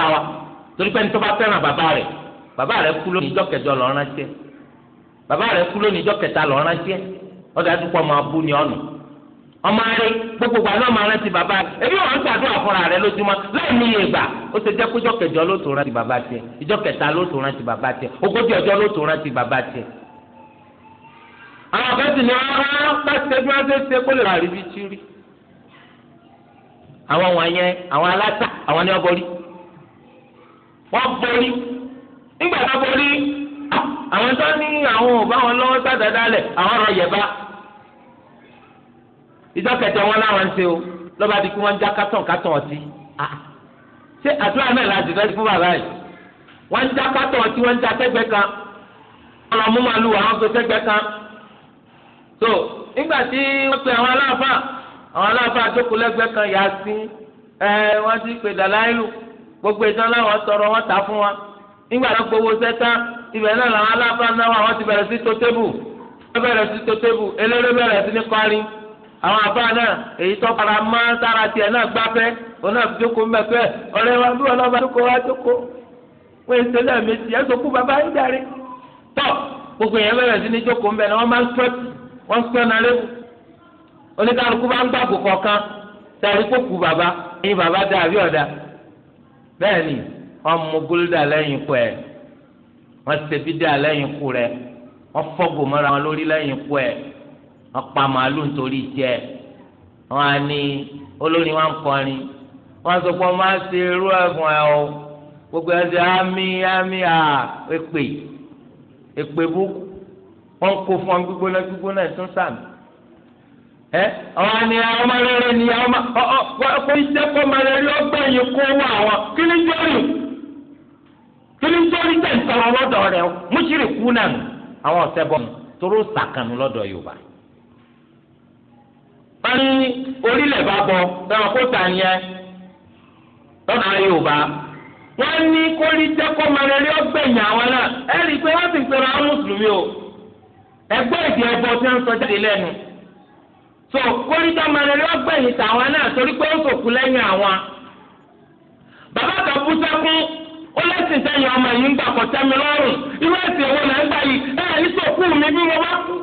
bàbá wa bàbá rẹ kú lónìí ìjọ kẹjọ lọ rántí ẹ bàbá rẹ kú lónìí ìjọ kẹta lọ rántí ẹ ọdọ àdúgbò máa bú ni ọnà ọmọ rẹ gbogbo gbà náà máa rántí bàbá rẹ ebi wọn gbàdúrà fúnra rẹ lójúmọ́ láì ní iye gbà ó ṣe jẹ pé ìjọ kẹjọ ló tó rántí bàbá tiẹ ìjọ kẹta ló tó rántí bàbá tiẹ ogójì ọjọ́ ló tó rántí bàbá tiẹ àwọn kan sì ní ọ̀rọ̀ pàṣẹ bí wọ́n ṣe ṣe kó lè rà nígbà tó borí ah, àwọn tó ní àwọn ò bá wọn lọ́wọ́ sádàdà lẹ̀ àwọn ọ̀rọ̀ yẹ̀bá ìjọ kẹtẹ wọn láwọn ń ṣe o lọ́ba di kí wọ́n já kátàn kátàn ọtí ah, ṣé àdúrà náà láti fẹ́ fún bàbá yìí wọ́n ń já kátàn ọtí wọ́n ń já sẹ́gbẹ́ kan ọ̀rọ̀ mú màlúù àwọn tó sẹ́gbẹ́ kan so nígbà tí wọ́n pe àwọn aláàfáà àwọn aláàfáà jókòó lẹ́gbẹ́ kan yà á sí ẹ wọ́n ti pè dàláìlù gbogbo ìtàn tọrọ wọ́n tà fún wa nígbà tó gbowó sẹ́tán ibẹ̀ náà làwọn aláfáàná wà wọ́n ti bẹ̀rẹ̀ sí tó tébù wọ́n bẹ̀rẹ̀ sí tó tébù eléré bẹ̀rẹ̀ sí ní kọrin àwọn àfáà náà èyí tó fara mọ́ sára tiẹ̀ náà gbáfẹ́ òun náà fi jókòó mẹ́fẹ́ ọ̀rẹ́ wa bí ọlọ́ba jókòó wá jókòó wọ́n èsè náà méjì ẹ̀ sọ́kú bàbá yín darí tọ́ gbogbo yẹn bẹ̀rẹ̀ sí ní jókòó mbẹ́ náà wọ́n máa ń sọ́ wọ́n sọ́ náà léwu oníkàlùkù máa ń gbàgbọ́ kọ̀ọ̀kan tàbí kókù bàbá ẹ̀yin bàbá dà àbí ọ̀dà bẹ́ẹ̀ ni wọ́n mú gúlúdà lẹ́yìn ikú ẹ̀ wọ́n ṣe bídà lẹ́yìn ikú rẹ̀ wọ́n fọ́gò mọ́ra wọn lórí lẹ́yìn ikú ẹ̀ wọ́n pa màálù nítorí jẹ́ wọ́n á ní olórin wọn kọrin wọ́n sọ pé wọ́n máa ṣe irú ẹ̀fọn ẹ̀ o gbogbo ẹ̀ ṣe ámì ámì à èpè èpè búkú wọ́n kó fún gbígbóná gbígbóná ẹ̀ tún sàmì ẹ àwọn ni àwọn ọmọ rere ni àwọn ọmọ ọ ọ kò ní sẹ́kọ̀ọ́ mọ̀ lẹ́rìí ọgbẹ́ yìí kó wà wọn kí ni jọ́rìí. torí nítorí tẹ̀ ń sọ̀rọ̀ lọ́dọ̀ rẹ̀ o kú náà àwọn ọ̀sẹ̀ bọ̀ toró sàkànnù lọ́dọ̀ yorùbá. wọ́n ní orílẹ̀ bá bọ̀ táwọn kó tà yẹn lọ́dọ̀ yorùbá. wọ́n ní kórí náà ẹ̀ rí i pé wọ́n sì pèrò àwọn mùsùlùmí o ẹgbẹ́ ìdí ẹbọ sọ jáde lẹ́nu. so kórí jẹ́ náà torí pé ó sòkú ó lẹ́sìn sẹ́yìn ọmọ yìí ń gbà kọ́ tẹ́mi lọ́rùn irú ẹ̀sìn ẹ̀wọ̀n náà ń gbà yìí ẹ̀ ní sọ̀kú mi bí mo bá kú.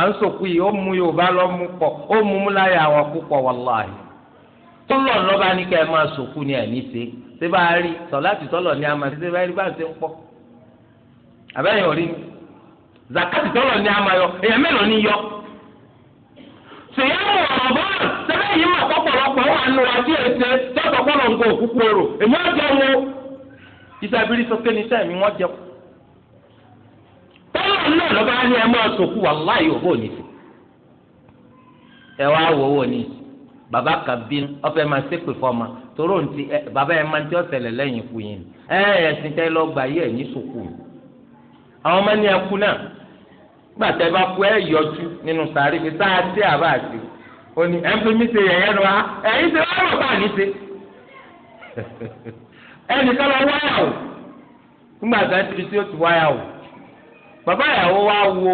à ń sọ̀kú yìí ó mú Yorùbá lọ mú pọ̀ ó mú mú láyà àwọn púpọ̀ wàláhì. tọ́lọ̀ lọ́ba ní kẹ́ ẹ máa sọ̀kú ni ẹ̀ ní ṣe ṣé bá a rí sọ̀láàtì tọ́lọ̀ ni a máa ṣe bá a rí bá a ṣe ń pọ̀. àbẹ́yìn orí mi zakati tọ́lọ̀ ni a máa yọ èèyàn mélòó ọ̀pọ̀lọpọ̀ wà nù àti ẹ̀sẹ̀ tọ́tọ̀ kọ́ lọ́nkọ́ òkúkú orò èmi á jẹ wo ìsàbírí sọ pé ní sẹ́mi wọ́n jẹ kù. tọ́lọ̀ náà lọ́ba ní ẹ máa sòkú wà láàyè òbó ní sí. ẹ wá wò wò ní bàbá kan bí ọfẹ máa ṣépè fọmọ toró ntí ẹ bàbá ẹ máa ń tí ó ṣẹlẹ̀ lẹ́yìn ikú yìí ẹ ẹ̀sìn tẹ́ lọ gbà yẹ ní sòkú àwọn ọmọ ní ẹkú náà gbàtẹ́ bá kú ẹ yọjú nínú sàárè fi sáà sí àbá ó ní ẹ ń fi mí ṣe yẹ̀yẹ́ nu wa ẹ̀yin ṣe wọ́n rọ̀ bá ní ṣe [LAUGHS] ẹnìkan lọ wáyà o nígbà tí wọ́n ti tí ó ti wáyà o bàbá ìyàwó wa wo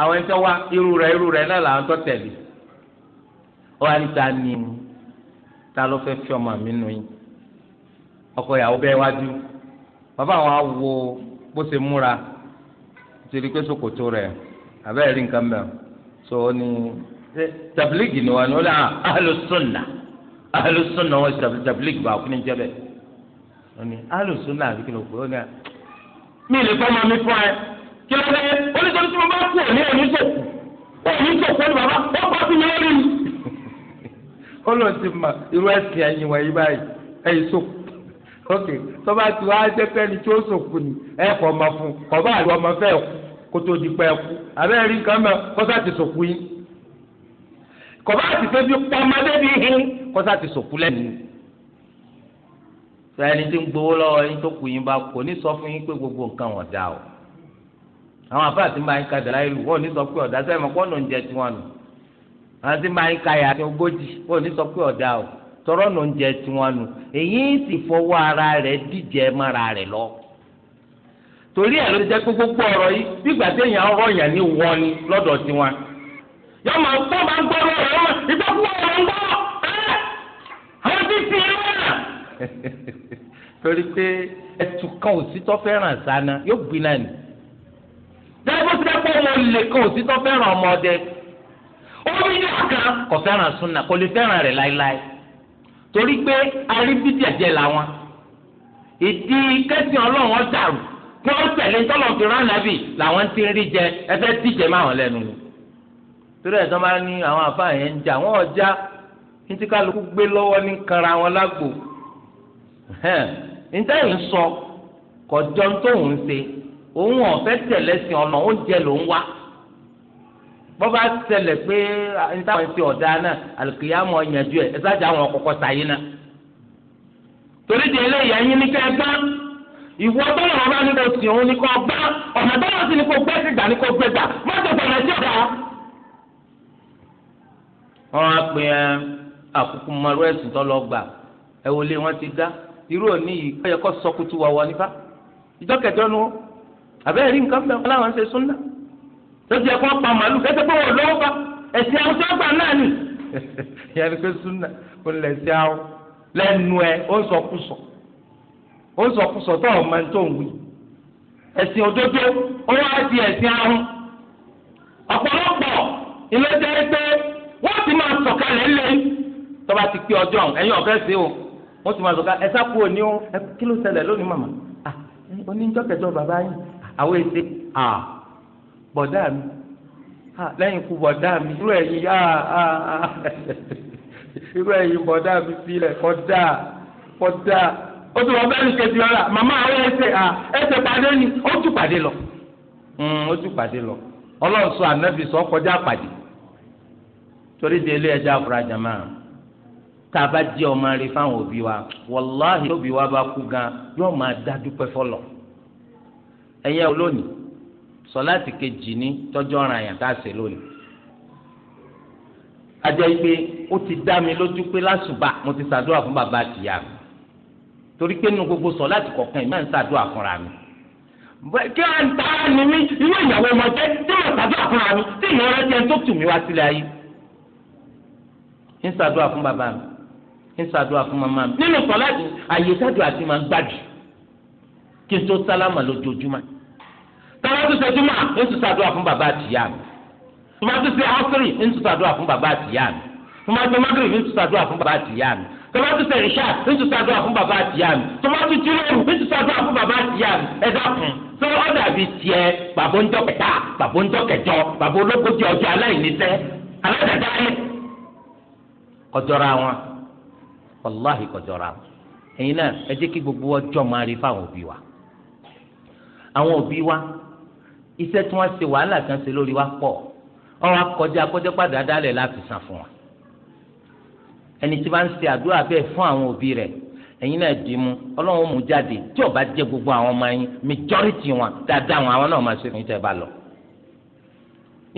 àwọn ẹni tó wá irú rẹ̀ irú rẹ̀ náà làwọn tó tẹ̀lé ó wá níta ní ta ló fẹ́ fi ọmọ mi nù yín ọkọ ìyàwó bẹ́ẹ̀ wájú bàbá wa wo bó ṣe múra torí pé ṣòkòtò rẹ̀ àbẹ́rẹ́ rí nǹkan mẹ́rin so ó ní ṣe tabiligi ni wọn ni wọn lé alùsùnà alùsùnà wọn ṣe tabiligi bá òkú ni jẹ bẹ́ẹ̀ wọn ni alùsùnà àti kìlọ̀ pé wọn ni mi lè fọmọ mi fún ẹ kí ló dé oníṣòwò tí mo bá kú òní òní sòkù òní sòkù ni bàbá wọn kọ́ sí mi lórí mi. [LAUGHS] ó lọ sí ma irú ẹsìn ẹyin wọ̀nyí báyìí ẹyin sòkù ok tó ti wá jẹ́ pé ẹni tí ó sòkù ni ẹ kọ̀ ọmọ fún kọ̀ bá ọmọ fẹ́ kó di pẹ́ kú àbẹ́rẹ́ nǹkan mọ́ kó ti sòkù yín kò bá ti tóbi pọ́nmọ́dé bíi hin kó sá ti sòkú lẹ́nu. sọ ẹni tí ń gbowó lọ́wọ́ yín tó kù yín bá kò ní sọ fún yín pé gbogbo nǹkan wọ̀n dà o. àwọn àfáà ti máa ń ka dàrá ìlú wọ́n ní sọ pé ọ̀dà sẹ́yìn mọ́kọ́ náà ń jẹ tiwọn nù. àwọn ti máa ń ka yàtọ̀ ogójì wọ́n ní sọ pé ọ̀dà o tọrọ náà ń jẹ tiwọn nù. èyí sì fọwọ́ ara rẹ̀ díjẹ mọ́ra rẹ̀ lọ torí ẹ̀ ló ti jẹ́ gbogbo ọ̀rọ̀ yìí bí gbàtẹ́yìn àwọn ọ̀rọ̀ ní wọ́n ni lọ́dọ̀ tiwọn yọ máa gbọ́ máa gbọ́ lọ́wọ́ rẹ̀ ọmọ ìgbàkúwọ̀ rẹ̀ ń gbọ́ ẹ́ àwọn ti fi ẹ̀ náà. [LAUGHS] torí pé ẹtù kan òsítọ́ fẹ́ràn sáná yóò gbin náà nì. dábò tí wọ́n pọ̀ wọn lè kan òsítọ́ fẹ́ràn ọmọdé omi ní àká kò fẹ́ràn súnà kò lè fẹ́ràn rẹ̀ láéláé torí pé aríbídìẹ̀jẹ̀ làwọn ìdí kẹ́sìn ọlọ́run ọ̀dàrú kí wọ́n tẹ̀lé tọ́lọ̀ fi rán nàbì làwọn ti ń rí jẹ ẹfẹ́ díje máwọn lẹ́nu ni. torí ẹ̀dán bá ní àwọn àfáà yẹn ń jà wọ́n ọjà títí kálukú gbé lọ́wọ́ ní kara wọn lágbo ń kọjọ tóun ṣe òun ọ̀fẹ́ sí ọ̀nà oúnjẹ pé ti ọ̀dà náà àlùkìyàmọ̀ ẹ̀ ẹ̀ sájà àwọn sàyé náà torí di eléyìí ní ká ẹ gbá ìwọ kò sí ọ̀nà wọn á pè ẹ àkókò mọrú ẹsùn tó lọ gbà ẹ wọlé wọn ti dá irú òní yìí ó yẹ kó sọkútù wọwọ nípa ìjọ kẹjọ nu àbẹ́rẹ́ rí nǹkan bẹ́ẹ̀ láwọn ṣe súnná lọ́sẹ̀ kó pa màálù kẹ́tẹ́ pé wọ́n lọ́wọ́ pa ẹ̀sìn àwọn sọ́gbà náà nì. ìyá ni [LAUGHS] pé súnná kò lẹ̀ sí àwọn lẹ́nu ẹ̀ ó ń sọkúsọ ó ń sọkúsọ tó ọ̀ máa ń tó ń wí ẹ̀sìn òdodo ó wá di ẹ̀sìn ahun ọ̀pọ̀lọpọ̀ ìlọ́jẹ́ wọ́n ti máa sọ̀kalẹ̀ lé tọ́ba ti pé ọjọ́ ẹ̀yin ọ̀fẹ́ sí o wọ́n ti máa sọ̀kalẹ̀ ẹ̀sà kú òní o kí ló ṣẹlẹ̀ lónìí màmá oníjọ́ ah, kẹjọ bàbá yín ah, àwọn èsè ah, bọ̀dá mi lẹ́yìn ikú bọ̀dá mi irú ẹ̀yin [LAUGHS] irú ẹ̀yin bọ̀dá mi sílẹ̀ kọ́dà kọ́dà o tún wọn bẹ́ẹ̀ ní kejì ọ̀la màmá àwọn ẹsẹ̀ ẹsẹ̀ pàdé ni ó tún pàdé lọ hmm, ó tún pàdé lọ ọlọ́run sọ ànábì sọ kọjá pàdé torí de ilé ẹja afurajá máa tá a bá jẹ ọmọ rẹ fáwọn òbí wa wàláhì tóbi wa bá kú gan yóò máa dá dúpẹ́ fọlọ ẹyẹ olónìí sọláàtì kejì ní tọjọ ọràn yàn tá a ṣe lónìí ajẹ́ pé ó ti dá mi lójú pé lásùbà mo ti ṣàdúrà fún bàbá àtìyá mi torí pé nínú gbogbo sọláàtì kọ̀ọ̀kan ìmọ̀ ń ṣàdúrà fúnra mi kí à ń tara ni mí ilé ìyàwó ọmọdé tí mo ṣàdúrà fúnra mi tí ìyàwó ń ṣàdúrà fún bàbá mi ń ṣàdúrà fún màmá mi nínú sọláàtì àyè ṣàdúrà ti máa ń gbàdù kí n tó sálámà lójoojúmọ́ táwọn tó ṣe júmọ́ ń tún ṣàdúrà fún bàbá àtìyá mi tó máa tún ṣe ásírì ń tún ṣàdúrà fún bàbá àtìyá mi tó máa tún mágírì ń tún ṣàdúrà fún bàbá àtìyá mi tó máa tún ṣe ìṣá ń tún ṣàdúrà fún bàbá àtìyá mi tó máa tún jíròrò ń tún ṣàdúrà fún bàbá àtìyá mi ẹ dákun tó ọ dàbí tiẹ̀ bàbá ń jọ kẹta bàbá ń jọ kẹjọ bàbá ológójì ọjọ́ aláìníṣẹ́ aládàá kọjọra wọn wàláhì kọjọra wọn ẹ̀yin náà ẹ jẹ́ kí gbogbo ọjọ́ máa rí fáwọn òbí wa àwọn òbí wa iṣẹ́ tí wọ́n ṣe wàhálà kan ṣe lórí wa pọ̀ ọ̀rọ̀ akọjá akọjá padà dálẹ̀ láti san fún wa ẹni tí bá ń ṣe àdúrà bẹ́ẹ̀ fún àwọn òbí rẹ̀ ẹ̀yin náà dì mú ọlọ́run mú jáde tí ò bá jẹ́ gbogbo àwọn ọmọ yín majority wọn dáadáa wọn àwọn náà máa ṣe fún yín tẹ́ bá lọ.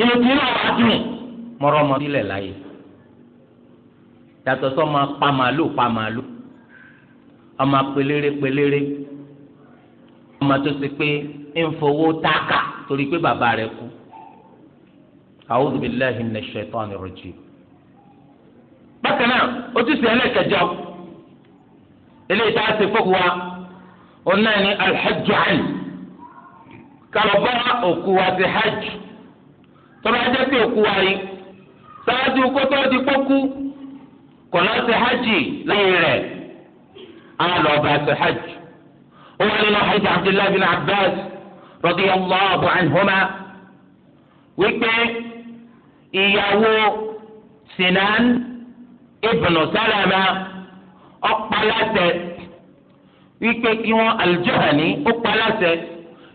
ìlú tí náà wàá dùn mọ́rọ́ sílẹ̀ láyé yàtọ̀ sọ ma pa màálù pa màálù ọmọ pelére pelére ọmọ tó ṣe pé ń fowó táàkà torí pé bàbá rẹ̀ kú a'udhu billahi minash shaitani rajim. bákan náà ó ti sèé lẹ́kẹ̀jọ eléyìí tá a ṣe fọ́kù wa ó náà ní alhajj ali kálọ̀ bá òkú wa ti hajj tọ́lá jẹ́ pé òkú wa yìí sáájú kótó di kókú kọlọ ṣe hajj lẹ́yìn rẹ̀ àwọn lọ bá ṣe hajj ó wà nínú hajj abdullahi bin abbas radiyallahu anhuma wípé ìyàwó sinan ibnu salama ọ̀pálásẹ̀ wípé kí wọ́n aljuhani ọ̀pálásẹ̀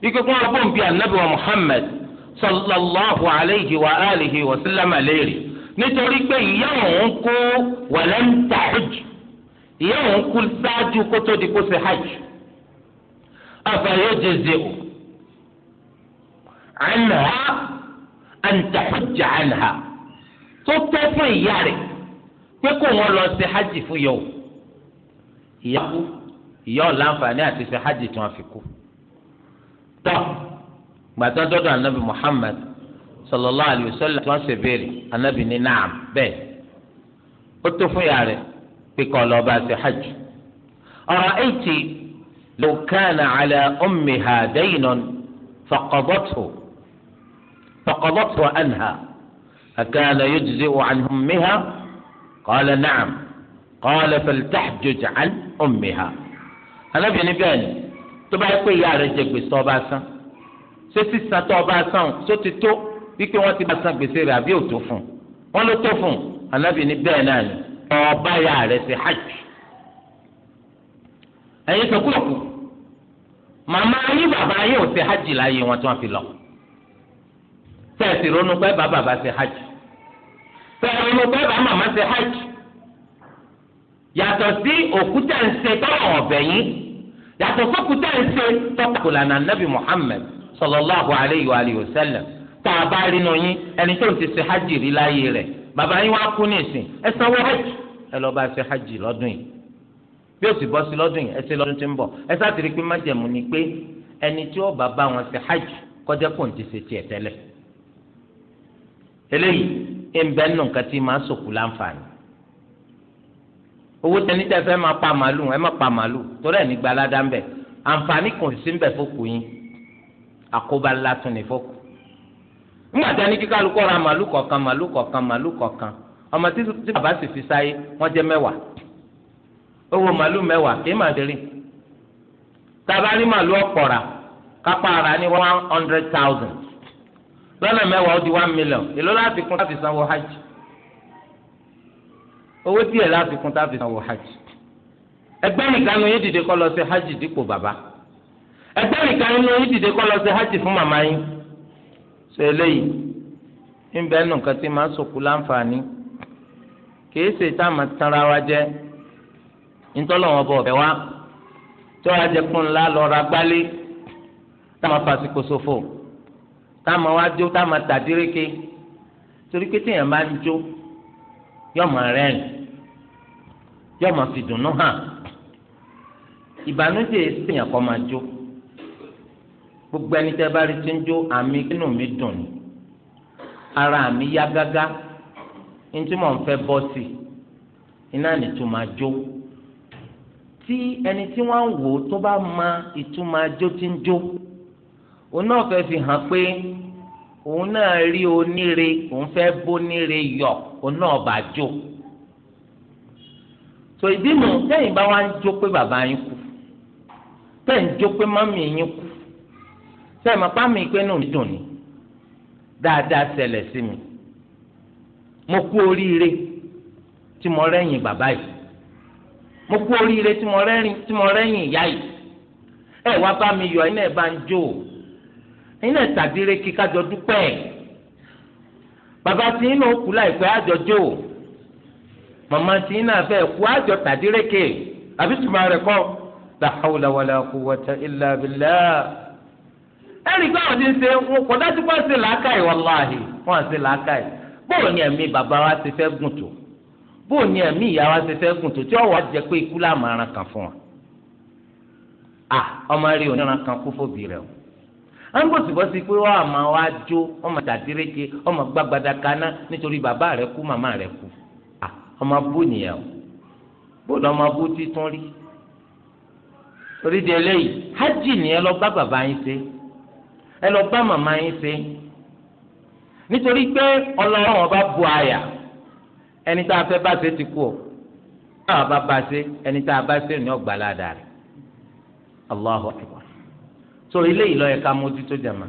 wípé kí wọ́n bọ̀ nbí anabi wa muhammad sallallahu alayhi wa alihi wa sallam léèrè nítorí pé ìyá òun kó wàlẹ́ńtà hajj ìyá òun kú ṣáájú kó tó di kó ṣe hajj afẹ́yẹ́ jẹjẹ o ànà àǹtà hajj ànà tó tẹ́ fún ìyá rẹ̀ pé kó wọn lọ ṣe hajj fún yẹ o ìyá kú ìyá ọ̀làǹfààní àti ṣe hajj tí wọ́n fi kú tọ́ gbàtọ́ dọ́dọ̀ Muhammad sallallahu alayhi wa sallam tí wọ́n ṣe béèrè anabi ní naam bẹ́ẹ̀ ó tó fún yàrá rẹ̀ pé kọ́ lọ́ọ́ bá ṣe hajj ara'ayti law kana ala ummiha daynun faqadathu faqadathu anha akana yujzi'u an ummiha qala naam qala faltahjuj an ummiha anabi ní bẹ́ẹ̀ ni tó bá yẹ pé ìyá jẹ gbèsè ọba san ṣé sísan tó ọba san ṣó ti tó wípé wọ́n ti bá san gbèsè rẹ̀ àbí òtó fún wọ́n ló tó fún anábì ní bẹ́ẹ̀ náà ni ọba ya rẹ̀ ṣe hajj. ẹ̀yin sọ kúlọ̀kù màmá yín bàbá yín ò ṣe hajj láàyè wọn tí wọ́n fi lọ. tẹ̀sí ronú pé bàbá bàbá ṣe hajj. tẹ̀sí ronú pé bàbá màmá ṣe hajj. yàtọ̀ sí òkúta ń ṣe tọ́lọ̀ ọ̀bẹ yín yàtọ̀ sókúta ń ṣe tọ́kùlànà nàbì Muhammad sallallahu alayhi wa sallam tá a bá rí nu yín ẹni tó ti ṣe hajj rí láyé rẹ̀ bàbá yín wá kú ní ẹ sanwó hajj ẹ lọ bá ṣe hajj lọ́dún yìí bí ó sì bọ́ sí lọ́dún yìí ẹ ṣe lọ́dún tí ń bọ̀ ẹ sáà ti rí pé ni pé ẹni tí ó bá bá wọn ṣe hajj kọjá kò ń ti ṣe tiẹ̀ tẹ́lẹ̀ eléyìí ń bẹ́ẹ̀ nù nǹkan tí máa sòkù láǹfààní owó tẹni tẹ fẹ́ máa pa màálù ẹ má pa màálù torí ẹ̀ ní gbalada ń bẹ̀ àǹfààní kò sí ń bẹ̀ fókù yín àkóbá ńlá tún ní fókù ńgbà tí a ní kíkọ́ alukọ́ ra màlúù kọ̀ọ̀kan màlúù kọ̀ọ̀kan màlúù kọ̀ọ̀kan ọmọ tí bàbá sì fi sáyé wọ́n jẹ́ mẹ́wàá owó màlúù mẹ́wàá kì í mà délé tàbá rí màlúù ọ̀pọ̀ra kápá ara ní one hundred thousand lọ́nà mẹ́wàá ó di one million èló láti kún láti sanwó hajj owó díẹ̀ láti kún láti sanwó hajj ẹgbẹ́ nìkan ló yé dìde kọ́ lọ sí hajj dípò bàbá ẹgbẹ́ nìkan ló yé dìde kọ́ lọ sí hajj fún màmá yín sọ eléyìí níbẹ̀ nù kan tí máa sòkú láǹfààní kìí ṣe tá a máa tanra wa jẹ ntọ́lọ́wọ́n bọ̀ ọ̀bẹ wa tí wọ́n á jẹ fún un lá lọ́ra gbálé tá a máa fàṣíkò ṣòfò tá a máa wá jó tá a máa tà dírékè torí pé téèyàn bá ń jó yóò máa rẹ́rìn yóò máa fi dùnnú hàn ìbànújẹ́ èsì téèyàn kọ́ máa jó gbogbo ẹni tẹ́ bá rí ti ń jó àmì inú mi dùn ni ara mi yá gágá ntí mò ń fẹ́ bọ́ sí iná nìtúmọ̀ jó tí ẹni tí wọ́n wò tó bá ma ìtúmọ̀ jó ti ń jó òun náà fẹ́ fi hàn pé òun náà rí oníre òun fẹ́ bóníre yọ òun náà bá jó tò ìdí nù bá wá ń jó pé bàbá yín kú tẹ́yìn jó pé mọ́mì yín kú sẹ́yìn máa pàmì pé nù dùn ní dáadáa ṣẹlẹ̀ sí mi mo kú oríire tí mo rẹ́yìn bàbá yìí mo kú oríire tí mo rẹ́yìn ìyá yìí ẹ wá bá mi yọ ẹ̀yin náà bá ń jó ẹ̀yin náà tàdíré kí kájọ dúpẹ́ bàbá tí inú kú láìpẹ́ àjọ jó màmá tí ẹnì kan àwọn ti ṣe wọn kò dájú pé ṣe làákàyè wàláhì wọn ṣe làákàyè bóò ni ẹ̀mí bàbá wa ṣe fẹ́ gùn tó bóò ni ẹ̀mí ìyá wa ṣe fẹ́ gùn tó tí ọwọ́ jẹ pé ikú láàmú kan fún wa. à ọmọ rí oníran kan kú fòbí rẹ o à ń gbòsìbọ́ sí pé wọ́n àmọ́ wa jó ọmọ tàdíreke ọmọ gbàgbàdà kaná nítorí bàbá rẹ kú màmá rẹ kú à ọmọ bú nìyẹn o bóò ni ọmọ bú títún rí torí di eléyìí hajj nìyẹn lọ bá bàbá yín ṣe ẹ lọ bá màmá yín ṣe nítorí pé ọlọ́run ọba bu àyà ẹni tá a fẹ́ bá ṣe ti kú o táwọn ọba bá ṣe ẹni tá a bá ṣe ní ọgbà ládàá rẹ̀ Allahu akbar so eléyìí ló yẹ ká mójútó jàmá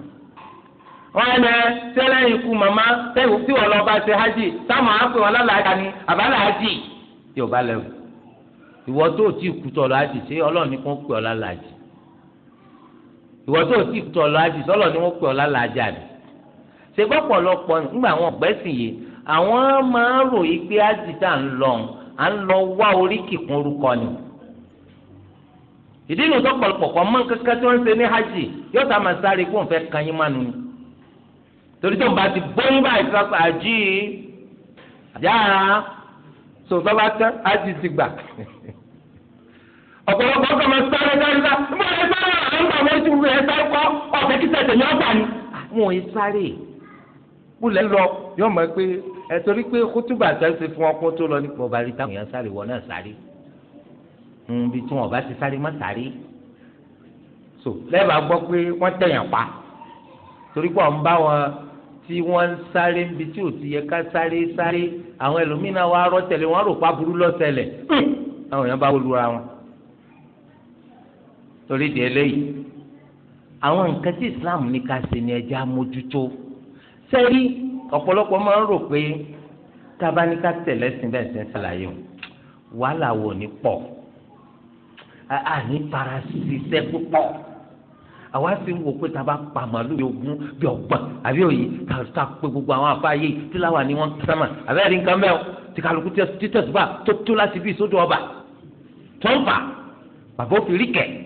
wọn ẹnẹ tẹ́lẹ̀ ikú màmá tẹwọ tí wọn lọ bá ṣe hajj táwọn àpè wọn lálàájá ni àbálà hajj yóò bá lẹwù ìwọ tó o ti kú tọ lọ hajj ṣé Ọlọ́run ní kó pè ọ lálàájá ìwọ tó ti tọ̀ lọ àjì sọ́lọ̀ ni wọ́n pè ọ́ lálàájá ni ṣe gbọ́pọ̀lọpọ̀ nígbà àwọn ọ̀gbẹ́sìn yìí àwọn máa ń rò yìí pé àjì tá à ń lọ à ń lọ wá oríkì kún orúkọ ni ìdí ìlú tọ́pọ̀lọpọ̀ kọ́ mọ́ kankan tí wọ́n ń ṣe ní hajj yóò tá a máa sáré kó n fẹ́ kan yín mánu ni torí tó ń bá ti bóyún báyìí sọ́kọ̀ àjì yára sọ̀tọ́ bá tán hajj ti gbà [LAUGHS] ọ̀pọ̀lọpọ̀ ọkọ̀ máa sáré sáré sá mo lè sáré àwọn ọkọ̀ àwọn ojú rẹ̀ sáré kọ́ ọ̀fẹ́ kí tẹ̀sẹ̀ ní ọgbà ni. àwọn yìí sáré kúlẹ̀ lọ yóò mọ̀ pé ẹ torí pé kútùbà sẹ́sì fún ọkọ̀ tó lọ nípa ọba rí táwọn èèyàn sáré wọ náà sáré níbi hmm, tí wọn bá ti sáré má sáré so lẹ́ẹ̀bà gbọ́ pé wọ́n tẹ̀yàn pa torí pé ọ̀n bá wọn tí wọ́n ń sáré níbi tí ò ti yẹ ká sáré sáré àwọn ẹlòmíràn wa rọ́ tẹ̀lé wọn rò pa burú lọ́sẹ̀lẹ̀ àwọn hmm, èèyàn bá wọlúra wọn torí di eléyìí àwọn nǹkan tí islam ní ká ṣe ni ẹja mójútó sẹ́rí ọ̀pọ̀lọpọ̀ máa ń rò pé tába ní ká tẹ̀lé sí bẹ́ẹ̀ sẹ́ ṣàlàyé o wàhálà wò ní pọ̀ àní para ṣiṣẹ́ púpọ̀ àwa sì ń wò pé tába pa màlúù yóò gún bí ọgbọ́n àbí òye ká pé gbogbo àwọn àfáàyè tí láwa ni wọ́n sẹ́mà àbẹ́rẹ́ nǹkan mẹ́wọ́ tí kálukú títẹ̀sùbà tó tó láti bí sódò ọba tó ń fà bàbá òfin rí kẹ̀ẹ́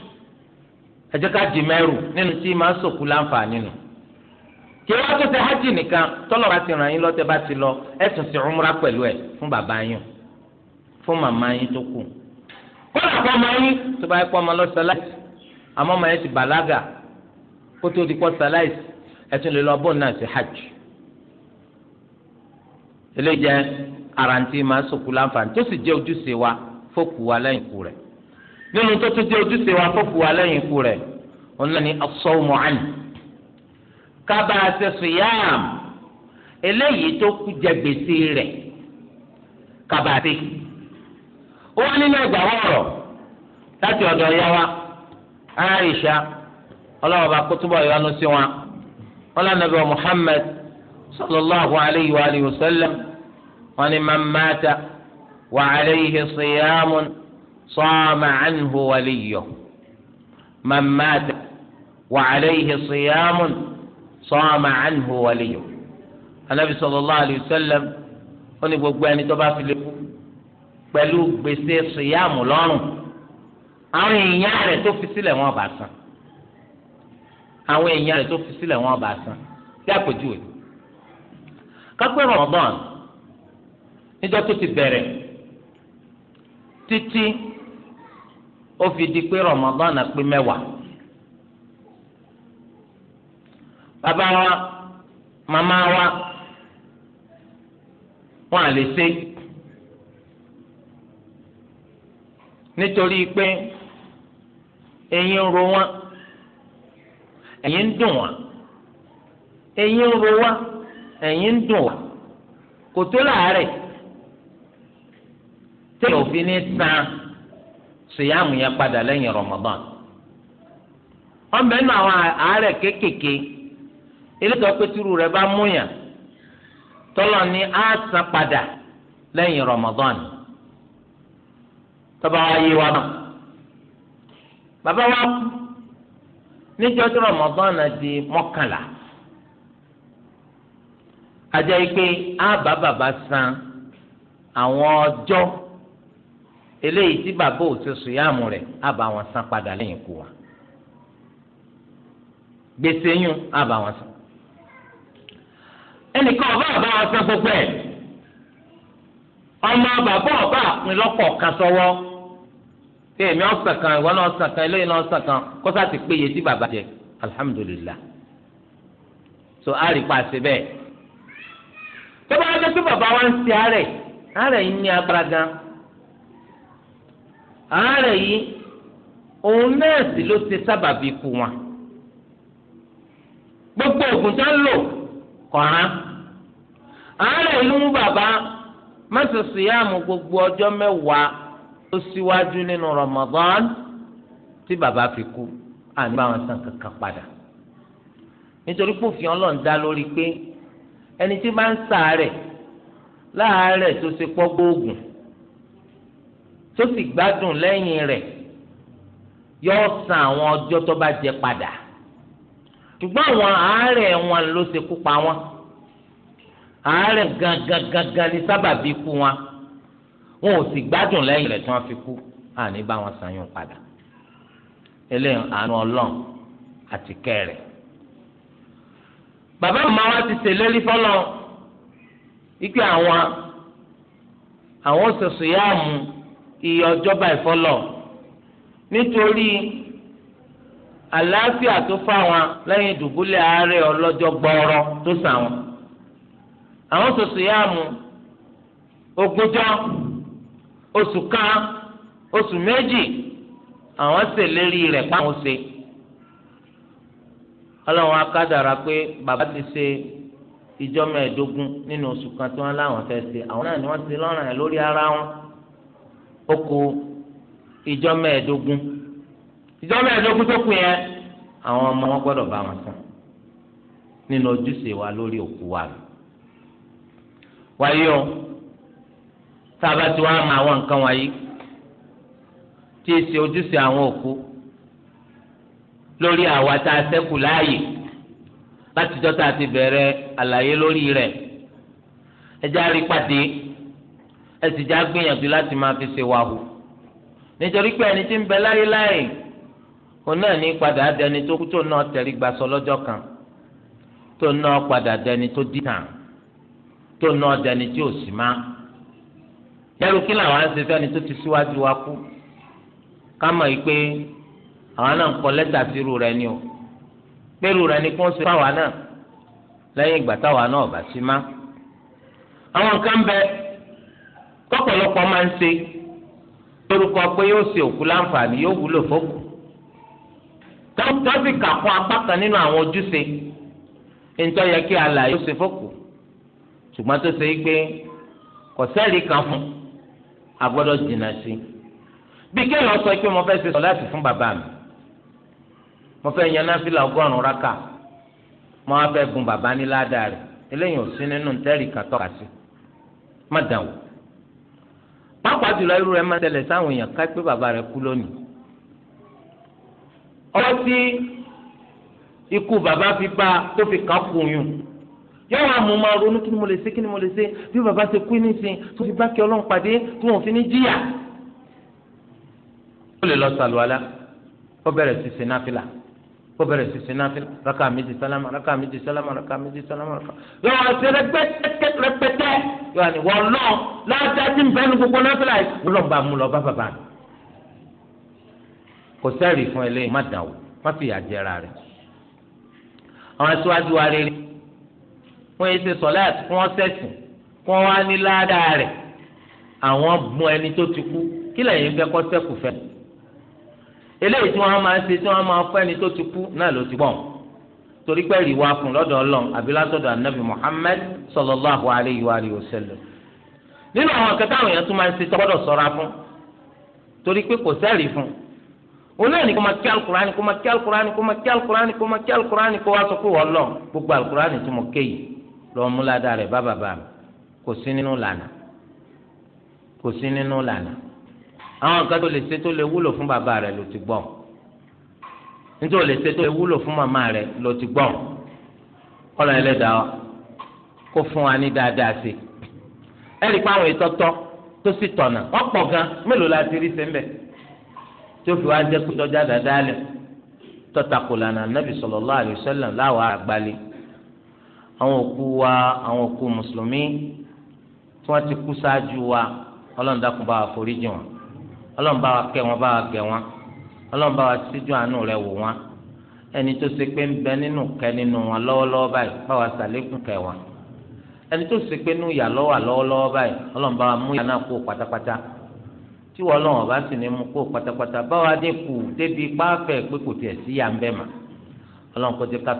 ẹ jẹ́ ká di mẹ́rù nínú tí màá sòkú láǹfààní nù kí wọ́n tó ṣe hajj nìkan tọ́lọ̀ bá ti ràn yín lọ́tẹ́ bá ti lọ ẹ tún ṣe umra pẹ̀lú ẹ̀ fún bàbá yín fún màmá yín tó kù kọ́lá kọ́ ọmọ yín tó bá yẹ kó ọmọ lọ sàláìsì àmọ́ ọmọ yẹn ti bàlágà kó tó di kọ́ sàláìsì lè lọ bọ́ọ̀ náà hajj eléyìí jẹ́ àrántí màá sòkú láǹfààní tó sì jẹ́ ojúṣe wa fókù wa lẹ́yìn ikú rẹ̀. nínú tó tún jẹ́ ojúṣe wa tó kù wa lẹ́yìn ikú rẹ̀ òun náà ni as-sawmu anhu kábà ṣe siyam eléyìí tó kú jẹ gbèsè rẹ̀ kábà ṣe ó wá nínú ẹgbàá wọ̀rọ̀ láti ọ̀dọ̀ ya wa Aisha ọlọ́wọ́ bá kó túbọ̀ yọnu sí wọn ọlọ́wọ́ nàbẹ̀ wa Muhammad sallallahu alayhi wa sallam wọn ni wa alayhi siyamun. صام عنه وليه من مات وعليه صيام صام عنه وليه النبي صلى الله عليه وسلم ó ní gbogbo ẹni tó bá fi lè kú pẹ̀lú gbèsè síyàmù lọ́rùn àwọn èèyàn rẹ̀ tó fi sílẹ̀ wọn bá san àwọn èèyàn rẹ̀ tó fi sílẹ̀ wọn bá san bí àpèjúwe kápẹ́ Ramadan níjọ́ tó ti bẹ̀rẹ̀ títí. ó fi di pé Ramadan na pé mẹ́wàá bàbá wa màmá wa wọn à lè ṣe nítorí pé eyín ń ro wọn eyín ń dùn wọn ń ro wọn ń síyáàmù yẹn padà lẹ́yìn Ramadan ọmọ ẹnu àwọn àárẹ kéékèèké eléyìí tó pétérù rẹ bá múyàn tọ́lọ̀ ní á san padà lẹ́yìn Ramadan tọ́ba wa yé wa náà bàbá wa kú níjọ́ tí Ramadan di mọ́kànlá ajá yìí pé á bá bàbá san àwọn ọjọ́. eléyìí tí bàbá ò ti sùyàmù rẹ̀ á bá wọn san padà lẹ́yìn ikú wa gbèsè yún á bá wọn san ẹnìkan ọba àbá wọn san gbogbo ẹ̀ ọmọ bàbá ọba àpín lọ́pọ̀ kan sọ́wọ́ kí èmi ọ̀sán kan ìwọ náà ọ̀sán kan eléyìí náà ọ̀sán kan kọ́sá ti péye tí bàbá jẹ alihamudulilayi so a rí paṣẹ bẹ́ẹ̀ tó bá wọn jẹ́ pé bàbá wa ń ṣe àárẹ̀ àárẹ̀ yìí ní agbára gan àárẹ̀ yìí òun náà sì ló ṣe sábàbí ikú wọn gbogbo oògùn tó ń lò kọ̀ọ̀rán àárẹ̀ ìlú mú bàbá mọ́sọ̀sọ yá mu gbogbo ọjọ́ mẹ́wàá tó síwájú nínú Ramadan tí bàbá fi kú àní bá wọn san kankan padà nítorí pòfin ọlọ́run dá lórí pé ẹni tí bá ń ṣàárẹ̀ láàárẹ̀ tó ṣe pọ́ gbóògùn tó sì gbádùn lẹ́yìn rẹ̀ yóò san àwọn ọjọ́ tó bá jẹ padà ṣùgbọ́n àwọn àárẹ̀ wọn ló ṣekú pa wọn àárẹ̀ gangan gangan ni sábàbí ikú wọn wọn ò sì gbádùn lẹ́yìn rẹ̀ tí wọ́n fi kú àní bá wọn sanyún padà eléyìí àánú ọlọ́run àti kẹrẹ̀ bàbá màmá wa ti ṣèlérí fọlọ́ ikú àwọn àwọn ṣoṣo yá mu iye ọjọ́ báyìí fọlọ́ nítorí àlàáfíà tó fáwọn lẹ́yìn ìdùbúlẹ̀ àárẹ̀ ọlọ́jọ́ gbọ́ọ́rọ́ tó sàn wọn. àwọn sòsò yá mu ogúnjọ́ oṣù kan oṣù méjì àwọn ṣèlérí rẹ̀ páwọn ṣe. ọlọ́run akádàrà pé bàbá ti ṣe ìjọ mẹ́ẹ̀ẹ́dógún nínú oṣù kan tí wọ́n láwọn fẹ́ ṣe àwọn náà ni wọ́n ti lọ́ràn ẹ̀ lórí ara wọn ó kù ìjọ mẹ́ẹ̀ẹ́dógún ìjọ mẹ́ẹ̀ẹ́dógún tó kù yẹn àwọn ọmọ wọn gbọ́dọ̀ bá wọn sàn nínú ojúṣe wa lórí òkú wa wáyé o tá a bá ti wá mọ àwọn nǹkan wáyé tí í ṣe ojúṣe àwọn òkú lórí àwa tá a ṣẹ́kù láàyè látijọ́ tá a ti bẹ̀rẹ̀ àlàyé lórí rẹ̀ ẹ já rí pàdé ẹ sì já gbìyànjú láti máa fi ṣe wàhù nítorí pé ẹni tí ń bẹ láyé láyé òun náà ní padà dẹni tó kú tó náà tẹrí gbaṣọ lọ́jọ́ kan tó náà padà dẹni tó dìtàn tó náà dẹni tí ò sì má yẹlu kí làwọn á ṣe fẹ́ni tó ti síwájú wa kú ká mọ̀ yìí pé àwọn náà ń kọ lẹ́tà sí irú rẹ ni o pé irú rẹ ni kó ń ṣe fáwa náà lẹ́yìn ìgbà táwa náà bá sí má àwọn nǹkan bẹ́ẹ̀ tọ́pọ̀lọpọ̀ máa ń ṣe lórúkọ pé yóò ṣe òkú láǹfààní yóò wúlò fókù tọ́sí kàkọ́ apá kan nínú àwọn ojúṣe ńtọ́ yẹ kí alàyè ó ṣe fókù ṣùgbọ́n tó ṣe é pé kò sẹ́ẹ̀lì kan fún a gbọ́dọ̀ jìnnà sí bí kéèyàn sọ pé mo fẹ́ ṣe sọ̀láàtì fún bàbá mi mo fẹ́ yan náfìlà ọgọ́rùn rákà mo wá fẹ́ gun bàbá ní ládàá rẹ̀ eléyìí ò sí nínú tẹ́ẹ̀lì kan tọ́ka sí má dàn wò pàápàá jùlọ irú rẹ̀ máa tẹ̀lẹ̀ sáwọn èèyàn ká pé bàbá rẹ̀ kú lónìí. ọwọ́ tí ikú bàbá fi bá tó fi kàn kú yùn yóò wá mú máa ronú kí ni mo lè ṣe kí ni mo lè ṣe bí bàbá ṣe kú nísìn tó fi bá kí ọlọ́run pàdé tó wọn fi ní jìyà. ó lè lọ sàlùwalá ó bẹ̀rẹ̀ sí sinafila kó bẹ̀rẹ̀ sísè náà fílẹ̀ rákà méjì sálámà rákà méjì sálámà rákà méjì sálámà rákà yóò wá sí rẹpẹtẹ rẹpẹtẹ yóò ní wọ́n lọ lájájú nbẹ́nu gbogbo náà fílẹ̀ wọ́n lọ́ọ́ bá mú lọ bá bàbá mi. kò sẹ́ẹ̀rì fún eléyìí má dàn o má fìyà jẹra rẹ̀. àwọn aṣáájú wa rere fún yìí ṣe sọ̀lá àti fún ọ́sẹ̀sìn fún wa ní ládàá rẹ̀ àwọn mú ẹni tó ti kú kí lẹ́yìn fẹ́ kọ́ sẹ́kù fẹ́ẹ́ eléyìí tí wọ́n máa ṣe tí wọ́n máa fún ẹni tó ti kú náà ló ti torí pé rí wa fún lọ́dọ̀ ọlọ́run àbí látọ̀dọ̀ anabi muhammed sallallahu alayhi wa alihi wa sallam nínú àwọn akẹ́kọ̀ọ́ àwọn èèyàn tún máa ń ṣe tọ́gbọ́dọ̀ sọ́ra fún torí pé kò sẹ́ẹ̀rì fún òun náà ní máa kí alukurani kó máa kí máa kí máa kí wá sọ pé lọ gbogbo alukurani tí mo ké yìí lọ́ọ́ múlá dáa rẹ̀ àwọn nǹkan tó lè ṣe tó lè wúlò fún bàbá rẹ ló ti gbọ́ nítorí lè ṣe tó lè wúlò fún màmá rẹ ló ti gbọ́ kọ́lọ́ ẹlẹ́dàá kó fún wa ní dáadáa sí ẹ rí i pé àwọn ìtọ́tọ́ tó sì tọ̀nà wọ́n pọ̀ gan mélòó la ti rí sẹ́ńbẹ̀ tó fi wá jẹ́ pé tọ́jà dáadáa lẹ̀ tọ́takò lànà nàbì sallallahu alaihi wasallam láwa àgbálẹ̀ àwọn òkú wa àwọn òkú mùsùlùmí tí wọ́n ti kú ṣáájú wa ọlọ́run dákun wọn ọlọ́run bá wa kẹ́ wọn bá wa gẹ̀ wọn ọlọ́run bá wa síjú àánú rẹ̀ wò wọn ẹni tó ṣe pé ń bẹ nínú kẹ́ nínú wọn lọ́wọ́lọ́wọ́ báyìí bá wa ṣàlékún kẹ́ wọn ẹni tó ṣe pé nínú ìyà lọ́wọ́ lọ́wọ́lọ́wọ́ báyìí ọlọ́run bá wa mú ìyà náà kó pátápátá tí wọn lọ́wọ́ bá sì ní mú kó pátápátá bá wa dé kù débi páfẹ́ pé kò tiẹ̀ sí ìyà ń bẹ mà ọlọ́run kó jẹ́ ká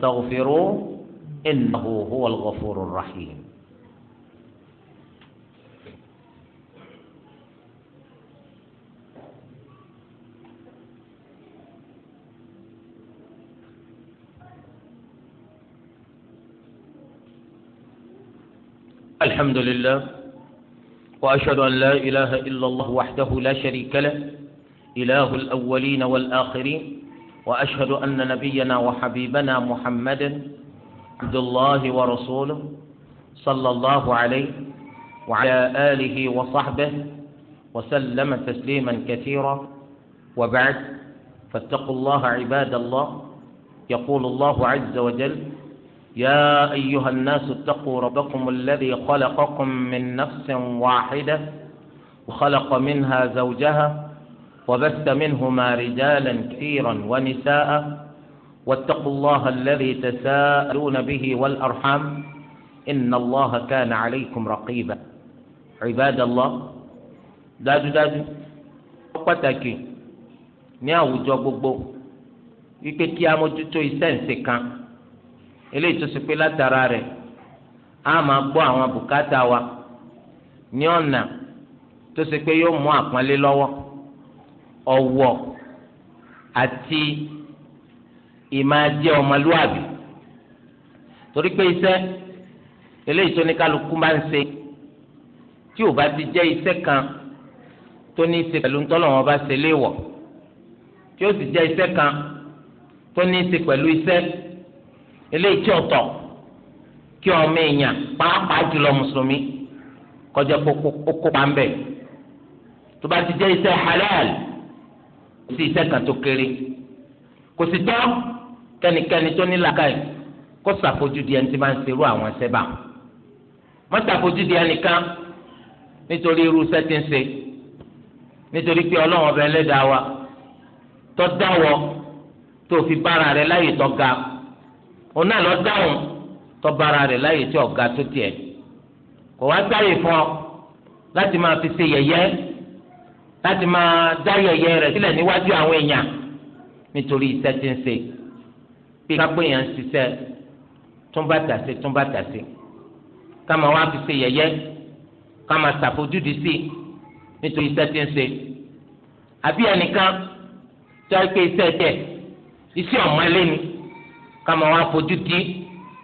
tó إنه هو الغفور الرحيم الحمد لله وأشهد أن لا إله إلا الله وحده لا شريك له إله الأولين والآخرين وأشهد أن نبينا وحبيبنا محمدا عبد الله ورسوله صلى الله عليه وعلى آله وصحبه وسلم تسليما كثيرا وبعد فاتقوا الله عباد الله يقول الله عز وجل يا أيها الناس اتقوا ربكم الذي خلقكم من نفس واحدة وخلق منها زوجها وبث منهما رجالا كثيرا ونساء واتقوا الله الذي تساءلون به والأرحام إن الله كان عليكم رقيبا عباد الله داجو داجو pàtàkì ní àwùjọ gbogbo wípé kí a mójútó iṣẹ́ ǹsẹ̀ kan eléyìí tó ṣe pé látara rẹ̀ a máa gbọ́ àwọn bùkátà wa ní ọ̀nà tó ṣe pé yóò mú àpọ́nlé lọ́wọ́ ọ̀wọ̀ àti ìmáa jẹ́ ọmọlúwàbí torí pé iṣẹ́ eléyìí tó ní kálukú máa ń ṣe tí ò bá ti jẹ́ iṣẹ́ kan tó ní í ṣe pẹ̀lú ntọ́lọ̀ wọn bá ṣe léèwọ̀ tí ó sì jẹ́ iṣẹ́ kan tó ní í ṣe pẹ̀lú iṣẹ́ eléyìí tí ọ̀tọ̀ kí ọmọ èèyàn pàápàá jùlọ mùsùlùmí kọjá kókópa ń bẹ̀ tó bá ti jẹ́ iṣẹ́ halal kò sí iṣẹ́ kan tó kéré kò sì tọ́ kẹ́nikẹ́ni tó ní làákàyè kó ṣàfojú di ẹni tí máa ń serú àwọn ẹsẹ̀ bá má ṣàfojú di ẹnìkan nítorí irú sẹ́tí ń ṣe nítorí pé ọlọ́run ọba ẹlẹ́dàá wa tó dáwọ́ tó fi bára rẹ̀ láyè tó ga òun náà lọ dáhùn tó bára rẹ̀ láyè tó ga tó tiẹ̀ kò wá sáyè fún ọ láti máa fi ṣe yẹ̀yẹ́ láti máa dá yẹ̀yẹ́ rẹ̀ sílẹ̀ níwájú àwọn èèyàn nítorí sẹ́tí ń ṣe pé kápẹ́ yẹn ń ṣiṣẹ́ túnbà tàṣe túnbà tàṣe káma wá fi ṣe yẹ̀yẹ́ káma ṣàfojúdi sí nítorí iṣẹ́ tí ń ṣe àbí ẹnìkan tó ẹ pé iṣẹ́ tẹ̀ iṣẹ́ ọ̀mọ́lé ni káma wá fojú di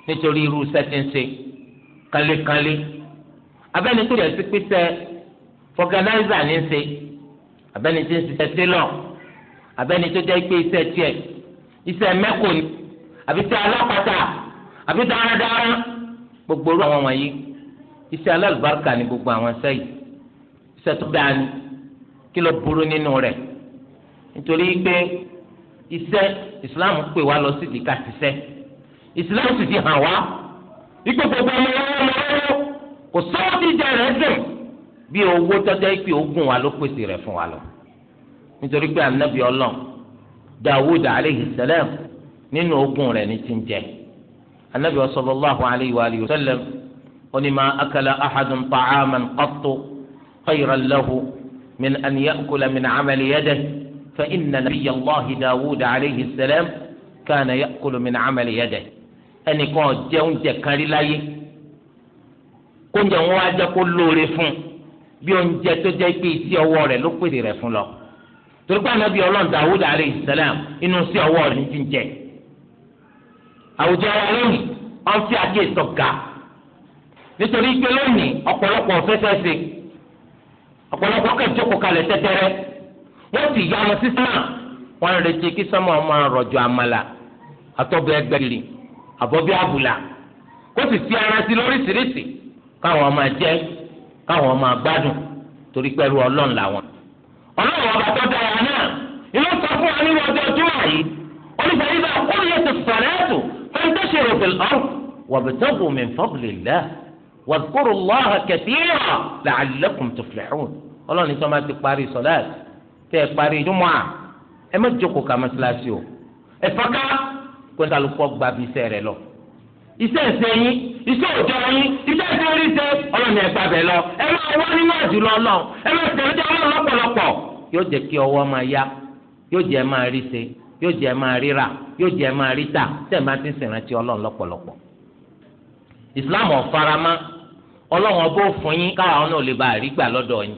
nítorí irú iṣẹ́ tí ń ṣe kálékálé abẹ́ni tó yẹ sí pípẹ́ fọgànáìzà ní ṣe abẹ́ni tó ń ṣiṣẹ́ sílọ̀ abẹ́ni tó jẹ́ pé iṣẹ́ tiẹ̀ iṣẹ́ mẹ́kò ni àbí tí alápàtà àbí dáradára gbogbo orú àwọn wọ̀nyí iṣẹ́ alálùbáríkà ni gbogbo àwọn iṣẹ́ yìí iṣẹ́ tó dáa ni kí ló burú nínú rẹ̀ nítorí pé iṣẹ́ ìsìláàmù pè wá lọ sí ìdíkà ṣiṣẹ́ ìsìláàmù sì fi hàn wá ipò gbogbo ọmọ wọn lọ́wọ́ kò sọ́wọ́ ti jẹ rẹ̀ dùn bí owó tọ́jọ́ ìpè ogun wa ló pèsè rẹ̀ fún wa lọ nítorí pé anabi ọlọ́n Dawud aleyhi salam nínú ogún rẹ̀ ní ti ń jẹ anabi wa sallallahu alayhi wa alihi wa sallam oni ma akala ahadun ta'aman qattu khayran lahu min an ya'kula min amali yadihi fa inna nabiyya allahi dawud alayhi salam kana ya'kulu min amali yadihi ẹnìkan jẹ oúnjẹ kan rí láyé kóúnjẹ wọn wá jẹ kó lóore fún bí oúnjẹ tó jẹ pé iṣẹ́ ọwọ́ rẹ̀ ló pèsè rẹ̀ fún lọ torí pé anabi Ọlọ́run alayhi salam inú sí ọwọ́ rẹ̀ ní ti ń jẹ àwùjọ wa lónìí wọn fi àkíyèsí ọ̀gá nítorí pé lónìí ọ̀pọ̀lọpọ̀ fẹ́fẹ́fẹ́ ọ̀pọ̀lọpọ̀ kẹ̀jọ́kọ̀ kalẹ̀ tẹ́tẹ́rẹ́ wọ́n ti yá wọn sí sáà wọn retí kí sọ́mọ́ máa rọ̀jò àmàlà àtọ́bẹ̀ ẹgbẹ̀rì àbọ̀bí àbùlà kó sì fi ara sí lóríṣiríṣi káwọn máa jẹ káwọn máa gbádùn torí pẹ̀lú ọlọ́run làwọn. ọlọ́run ọba tó dára náà inú sọ fún فانتشروا في الأرض وابتغوا من فضل الله واذكروا الله كثيرا لعلكم تفلحون Ọlọ́run ní sọmá ti parí sọláàtì tẹ ẹ parí jùmọà ẹ má jókòó ká mọ́sálásí o ẹ fọká kóńtàlùkọ gba bí iṣẹ́ rẹ lọ iṣẹ́ ẹsẹ yín iṣẹ́ òjọ yín iṣẹ́ ẹsẹ orí ṣe Ọlọ́run ẹ gbàbẹ lọ ẹ má wá nínú àjùlọ Ọlọ́run ẹ má tẹlẹ jẹ Ọlọ́run lọ́pọ̀lọpọ̀ yóò jẹ kí ọwọ́ máa yá yóò jẹ máa rí ṣe yóò jẹ́ máa ríra yóò jẹ́ máa ríta tẹ̀ máa ti sìnrántí ọlọ́run lọ́pọ̀lọpọ̀ ìsìláàmù ọ̀farama ọlọ́run ọbọ̀ fún yín káwọn náà lè bá àrí gbà lọ́dọ̀ yín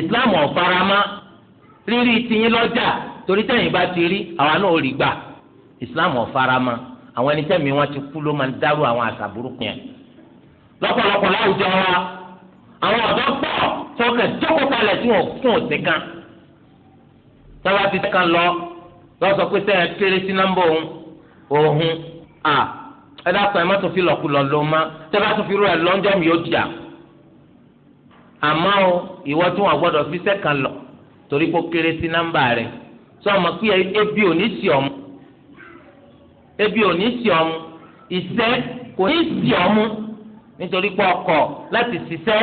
Islam ọ̀farama rírí tiyín lọ́jà torí tẹ̀yìn bá ti rí àwa náà ò rí gbà ìsìláàmù ọ̀farama àwọn ẹni tẹ̀mí wọn ti kú ló máa ń dárú àwọn àṣà burúkú yẹn lọ́pọ̀lọpọ̀ láwùjọ wa àwọn ọ̀dọ́ pọ̀ tó kẹ̀ jókòó kalẹ̀ tí wọ́n kún òsè kan tọ́ba ti kan lọ lọ́sọ pé sẹ́yìn kéré sí nọ́mbà òun òun à ẹ dákun ẹ má tún fi lọ́kùlọ́ lọ mọ́ tẹ́bá tún fi rú ẹ lọ́njọ́ mi yóò jà àmọ́ o ìwọ tún wà gbọ́dọ̀ fi sẹ́kàn lọ torí kó kéré sí nọ́mbà rẹ̀ sọ ma pé ebi ò ní sí ọmú ebi ò ní sí ọmú ìṣẹ́ kò ní sí ọmú nítorí pé ọkọ̀ láti ṣiṣẹ́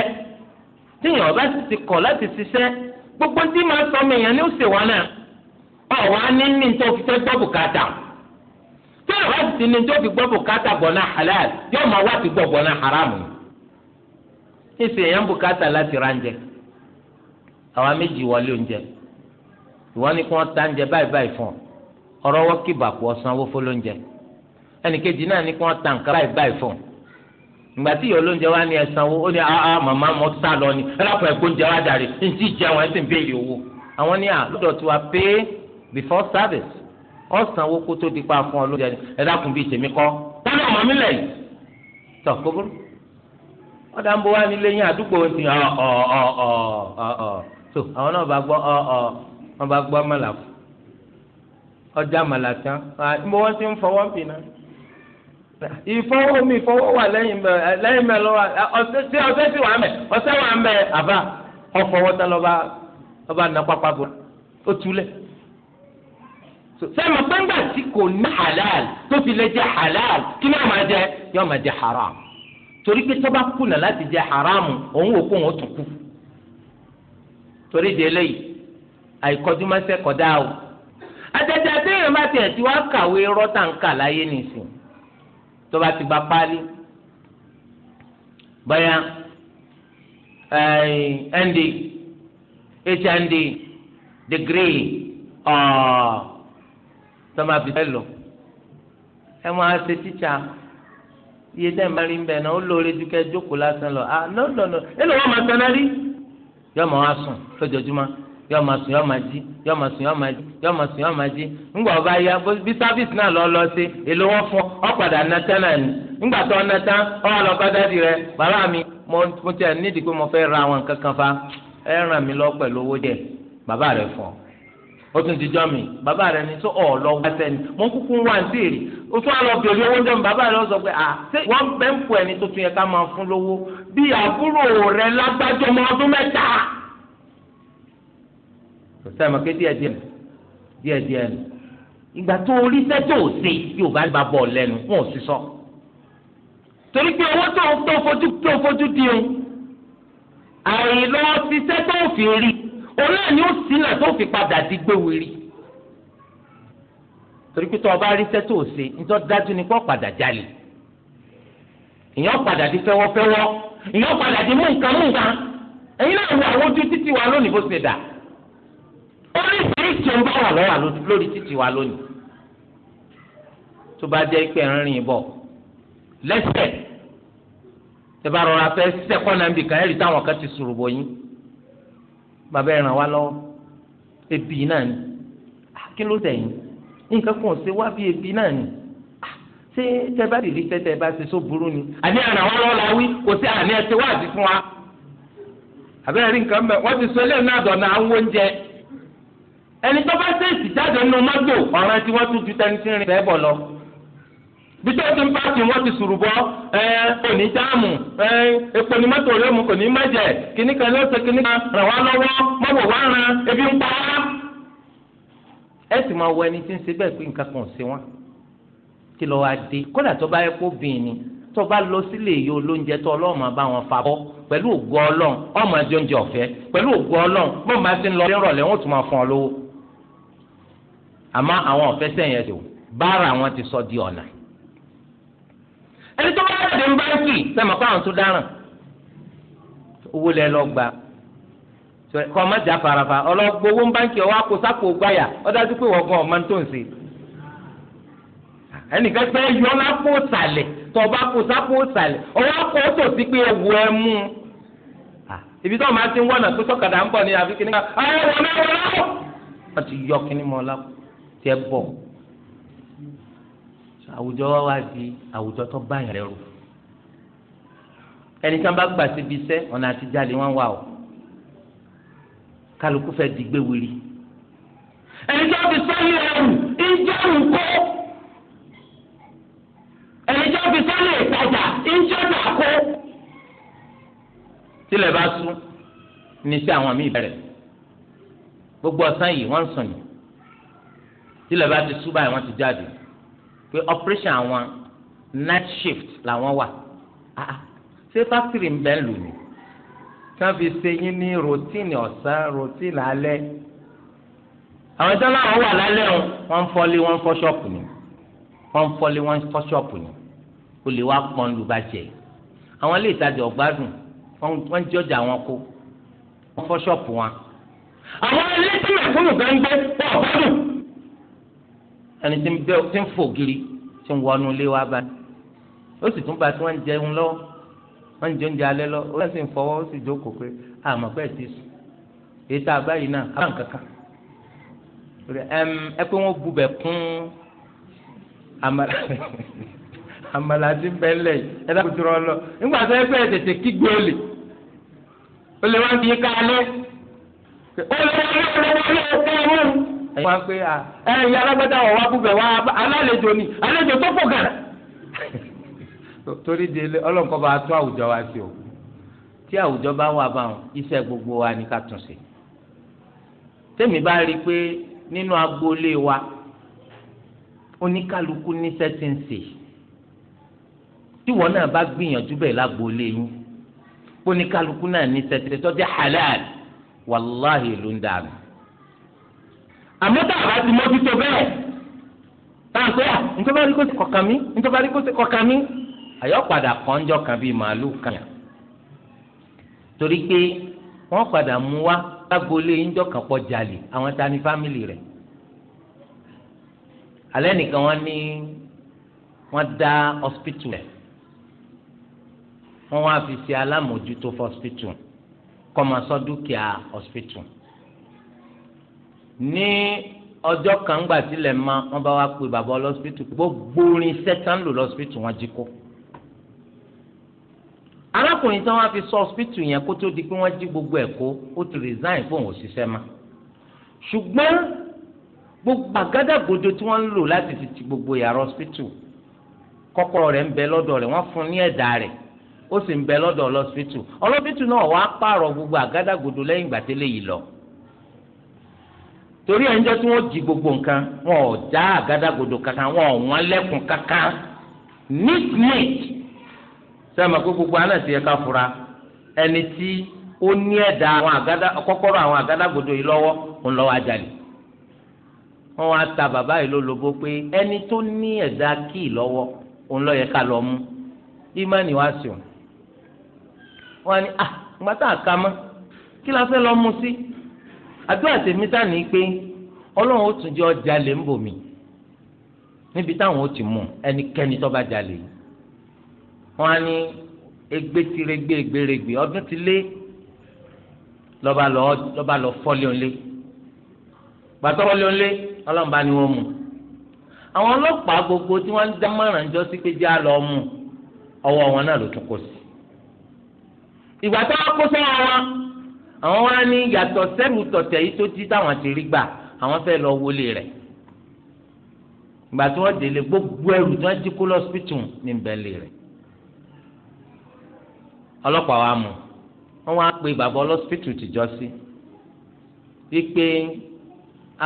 tíyàn bá ti kọ̀ láti ṣiṣẹ́ gbogbo tí ma sọ ọmọ èèyàn ní ó wa náà ọ̀wá ní ní tó fi fẹ́ gbọ́ bùkátà tí ọ̀wá sì ní tó fi gbọ́ bùkátà gbọ̀nà halal yóò máa wá ti gbọ́ gbọ̀nà haram ìsè èèyàn bùkátà láti ra oúnjẹ àwa méjì wọlé oúnjẹ ìwọ ni kí wọ́n ta oúnjẹ báyìí báyìí fún ọ ọ̀rọ̀ wọ́n kì bàpọ̀ ọ̀sán owó fọlóúnjẹ ẹnìkejì náà ni kí ta nǹkan báyìí ìgbà tí ìyá olóúnjẹ wa ní ẹ sanwó ó ní àá ah, ah, màmá mọ sá lọ ni ẹlẹ́kùn ẹ̀kọ́ oúnjẹ wa dàrí ní ti jẹun ẹ̀sìn béèrè owó àwọn ní àlọ́dọ̀ ah, tí wa pay before service ọ̀ sanwó kó tó di pa fún olóúnjẹ ni ẹlẹ́kùn bíi tèmi kọ́ tọ́lá ọmọ mi lẹ̀ yìí tọ́ kókó ọ̀dà ń bọ̀ wá nílé yín àdúgbò ti ọ̀ ọ̀ ọ̀ ọ̀ ọ̀ tó àwọn náà bá gbọ́ ọ̀ ọ̀ wọ́n bá gbọ́ mọ́là ọjà mọ́là tán ìbọn wọn ti ń fọwọ́ pin ìfọwọ́ mi ìfọwọ́ wà lẹ́yìn mẹ lẹ́yìn mẹ lọ́wọ́ ọ̀sẹ̀ sí ọ̀sẹ̀ sí wà mẹ ọ̀sẹ̀ wà mẹ àbá ọ̀fọwọ́ tá lọ́ba lọ́ba nà pápá bò ó túlẹ̀. sẹ́mi gbẹ́ngbà tí kò ní halal tó fi lè jẹ́ halal kí ni haram torí pé tọ́ba kùnà láti jẹ haram òun ò kó òun tún kú. torí di eléyìí o àtẹ̀tẹ̀ àtẹ̀yìn tó bá ti gba páálí bóyá eh, nd hnd degree ọ̀ tó máa fi lò ẹ máa ṣe tíṣà iye tẹ́ ń bá rí ń bẹ̀ náà ó lóore ju kẹ́ jókòó lásán lọ ah no no no ẹ lọ́wọ́ máa tẹ́lẹ̀ rí yọ máa wá sùn lójoojúmọ́ yọ máa sùn yọ máa jí yọ máa sùn yọ máa jí yọ máa sùn yọ máa jí ńgbà ọba ya bí sáfíìsì náà lọ lọ sí èlò wọn fọ ọ̀padà nàtá náà ni ńgbà tó nàtá ọ̀hà lọ bá dádì rẹ bàbá mi mo tẹ nídìí pé mo fẹ́ ra àwọn kankan fa ẹ ràn mí lọ pẹ̀lú owó díẹ̀ bàbá rẹ fọ o tún ti jọ mi bàbá rẹ ni tó ọ̀ lọ wá sẹ́ni mo ń kúkú wá sí èrè o tún àlọ́ bèrè owó jọ mi bàbá rẹ sọ pé à ṣé wọ́n bẹ́ẹ̀ ń pọ̀ ẹni tó yẹ ká máa fún lówó bí àbúrò rẹ lágbájọmọ ọdún mẹ́ta sẹ́mi ké díẹ̀ díẹ̀ díẹ̀ díẹ̀ nù ìgbà tó orí sẹ́tò ṣe yóò bá ba bọ̀ lẹ́nu wọn ò sì sọ torí pé owó tó tó fojú tó fojú di o àìlọ́ ṣiṣẹ́ tó fi rí òun náà ni ó sílẹ̀ tó fi padà di gbéwèé rí torí pé tó o bá rí sẹ́tò ṣe nítorí dájú ni kó padà jalè ìyẹn padà di fẹ́wọ́fẹ́wọ́ ìyẹn padà di mú nǹkan mú nǹkan ẹ̀yin náà wọ àwọn ojú títí wa lónìí bó ṣe dà oríṣiríṣi ń bá wà lọ́wọ́ lórí títì wa lónìí tó bá jẹ́ pé ń rìn bọ̀ lẹ́sẹ̀ tẹ bá rọra fẹ́ sẹ́kọ́ náà bì kan ẹ̀rí táwọn kan ti sùrù bọ̀ yín bàbá ẹ̀ ràn wá lọ́wọ́ ebi náà ni kí ló dẹ̀ yín nǹkan kan ṣe wá bí ebi náà ni ṣé tẹ bá dìde tẹ tẹ bá ṣe só burú ni àní ẹ̀ràn wá lọ́wọ́ la wí kò sí àní ẹ̀ ṣe wá àti fún wa àbẹ́rẹ́ rí nǹkan mẹ́ wọ́n ti sọ eléyìí náà dọ̀nà àwọn ẹni tó bá ṣèèsì jáde nínú mọ́tò ọ̀ràn tí wọ́n tún ju tẹni tí ń rìn bẹ́ẹ̀ bọ̀ lọ bí tó ti ń bá tì wọ́n ti sùrùbọ́ ẹ òní jáàmù ẹ epo ni mọ́tò rẹ̀ mu kò ní má jẹ kíní kan ló ṣe kíní kan ràn wá lọ́wọ́ mọ́wọ́ wá ran ebi ń pa á. ẹ sì máa wọ ẹni tí ń ṣe bẹ́ẹ̀ pé nǹkan kan ò ṣe wọ́n kí lọ́ wá dé kódà tó bá yẹ kó bìn ni tó bá lọ sílé yìí olóúnjẹ tó ọlọ́run máa bá wọn fa bọ́ pẹ̀lú ògo ọlọ́run ọmọ ẹjọ́ oúnjẹ ọ̀fẹ́ pẹ̀lú ògo ọlọ́run bọ́ọ̀ máa ti ń lọ rírọ̀lẹ́ wọn tún máa fún ọ lówó àmọ́ àwọn ọ̀fẹ́sẹ̀ yẹn tó bára wọn ti sọ di ọ̀nà. ẹni tó bá jáde ní báńkì sẹ́mi ọ̀pá àwọn tó dáràn owó lẹ gba kọ́ jà farafa ọlọ́gbọ́ owó ń báńkì ọwọ́ àpò gbáyà ọ dájú pé wọ́n gan ọ̀ma tó ń ṣe. ẹnìkan fẹ́ yọ lápò sàlẹ̀ tọba kò sápò sàlẹ̀ ọwọ́ àpò ó tòsí pé ewu ẹ mú un. ibi tó máa ti ń ń bọ̀ wọ́n tiẹ̀ bọ̀ àwùjọ wa wá di àwùjọ tó bá yẹn rú ẹni tí wọn bá gbà síbi iṣẹ́ ọ̀nà àtijáde wọn wà o kálukú fẹ́ dìgbé wuli ẹni tí wọn fi sẹ́yìn ẹrù ìjẹ́ nǹkó ẹni tí wọn fi sẹ́yìn ìtajà ìjẹ́ nàkó tilẹ̀ bá sùn ní sí àwọn míì bẹ̀rẹ̀ gbogbo ọ̀sán yìí wọ́n ń sùn yìí tílẹ̀ bá ti sú báyìí wọ́n ti jáde pé operation àwọn night shift làwọn wà ah, ah. ṣé fásitì ń bẹ́ lù ní ká fi ṣe yín ní rotini ọ̀sán rotini alẹ́ àwọn ìtàn náà wà lálẹ́ o wọ́n ń fọ́lé wọ́n ń fọ́ ṣọ́ọ̀pù ni wọ́n ń fọ́lé wọ́n ń fọ́ ṣọ́ọ̀pù ni o lè wá pọ́n lu bàjẹ́ àwọn ilé ìtajà ọ̀gbádùn wọ́n ń jọjà wọn kó wọ́n fọ́ ṣọ́ọ̀pù wọn. àwọn ilé tí ìwé fún ìgbà ń gbé wọ́n ọ̀gbádùn ẹni tí ń bẹ tí ń fò giri tí ń wọnú ilé wa bá ó sì tún bá tí wọ́n ń jẹun lọ wọ́n ń jẹ oúnjẹ alẹ́ lọ ó sì ń fọwọ́ ó sì jókòó pé àmọ́ pẹ́ ti sùn èyí tá a báyìí náà a bá nǹkan kan ẹ pé wọ́n bu bẹ̀ kún àmàlà [LAUGHS] tí bẹ́ẹ̀ lẹ̀ ẹ dákun tó rọ lọ nígbà tó ẹ bẹ́ẹ̀ tètè kígbe olè olè wọn ti yí ká alẹ́ olè wọn lọ́wọ́ lọ́wọ́ ẹ̀yin wá pé ẹ ẹ̀yin alágbádá wọ̀ wá búbẹ̀ wá alálejò ni àlejò tó pọ̀ gàrà. [LAUGHS] torí de ọlọ́nkọ́ bá tó àwùjọ wa sí o tí àwùjọ bá wà bá wọn iṣẹ́ gbogbo wa ni ká tún ṣe. tèmi bá rí i pé nínú agboolé wa oníkálukú níṣẹ́ ti ń ṣe tíwọ náà bá gbìyànjú bẹ́ẹ̀ lágboolé yín oníkálukú náà níṣẹ́ ti ń ṣe tó jẹ́ halal wàláhì ló ń dànù àmọ́ tá a bá ti mójútó bẹ́ẹ̀ táà pé à nítorí àríkó ti kọ̀ọ̀kan mi nítorí àríkó ti kọ̀ọ̀kan mi àyọ̀padà kọ́njọ́ kan bíi màálù kan yàn torí pé wọ́n padà mú wá lágbolé ńjọ́ kan pọ̀ jalè àwọn ta ni fámìlì rẹ̀ alẹ́ nìkan wọ́n ní wọ́n dá hospital rẹ̀ wọ́n wá fi ṣe alámòjútó fún hospital kọ́ máa ṣọ́ dúkìá hospital ní ọjọ́ kan gbà sílẹ̀ ma wọ́n bá wá pè bàbá ọlọ́sibítù gbogbo orin sẹ́tàn lò lọ́sibítù wọn jí kó arákùnrin tí wọ́n fi sọ ọsibítù yẹn kó tó di pé wọ́n jí gbogbo ẹ̀ kó ó ti resign fún òun òṣìṣẹ́ ma ṣùgbọ́n gbogbo àgádágodo tí wọ́n ń lò láti fi ti gbogbo yàrá ọsibítù kọ́kọ́rọ́ rẹ̀ ń bẹ lọ́dọ̀ rẹ̀ wọ́n fún ní ẹ̀dá rẹ̀ ó sì ń bẹ lọ́dọ̀ ọlọ́sibítù ọlọ́sibítù náà wàá pààrọ̀ gbogbo àgádágodo lẹ́yìn ìgbà tẹ́lẹ̀ yìí lọ torí ẹ̀ ń jẹ́ tí wọ́n di gbogbo nǹkan wọn ò já àgádágodo kankan wọn ò wọ́n lẹ́kùn kankan nítmìt sẹ́mi pé gbogbo àná ti yẹ ká fura ẹni tí ó ní ẹ̀dá àwọn àgádá kọ́kọ́rọ́ àwọn àgádágodo yìí lọ́wọ́ ń lọ́wọ́ pé ẹni tó ní ẹ̀dá kíì lọ́wọ́ ń lọ́ yẹ ká lọ mú ìmánì wá ah, a kí la fẹ́ àdúrà tèmi tá ní pé ọlọ́run ó tún jẹ́ ọjà lè ń bò mí níbi táwọn ó ti mú ẹnikẹ́ni tó bá jalè wọn á ní egbetirégbe egberegbe ọdún ti lé lọ́ba lọ lọ́ba lọ fọ́lé ònlé gbàtọ́ fọ́lé ònlé ọlọ́run bá ní wọ́n mú àwọn ọlọ́pàá gbogbo tí wọ́n ń dá márùn-ún jọ sí pé jẹ́ àlọ́ mú ọwọ́ wọn náà ló tún kó sí ìgbà tó kó sọ́wọ́ wọn àwọn wá ní yàtọ̀ sẹ́rù tọ̀tẹ̀ yìí tó ti táwọn ti rí gbà àwọn fẹ́ lọ wọlé rẹ̀ ìgbà tí wọ́n délé gbogbo ẹrù tí wọ́n ti kó lọ́sípítù ní bẹ́ẹ̀lì rẹ̀ ọlọ́pàá wa mú wọ́n wá pe bàbá lọ́sípítù tìjọ́ sí wípé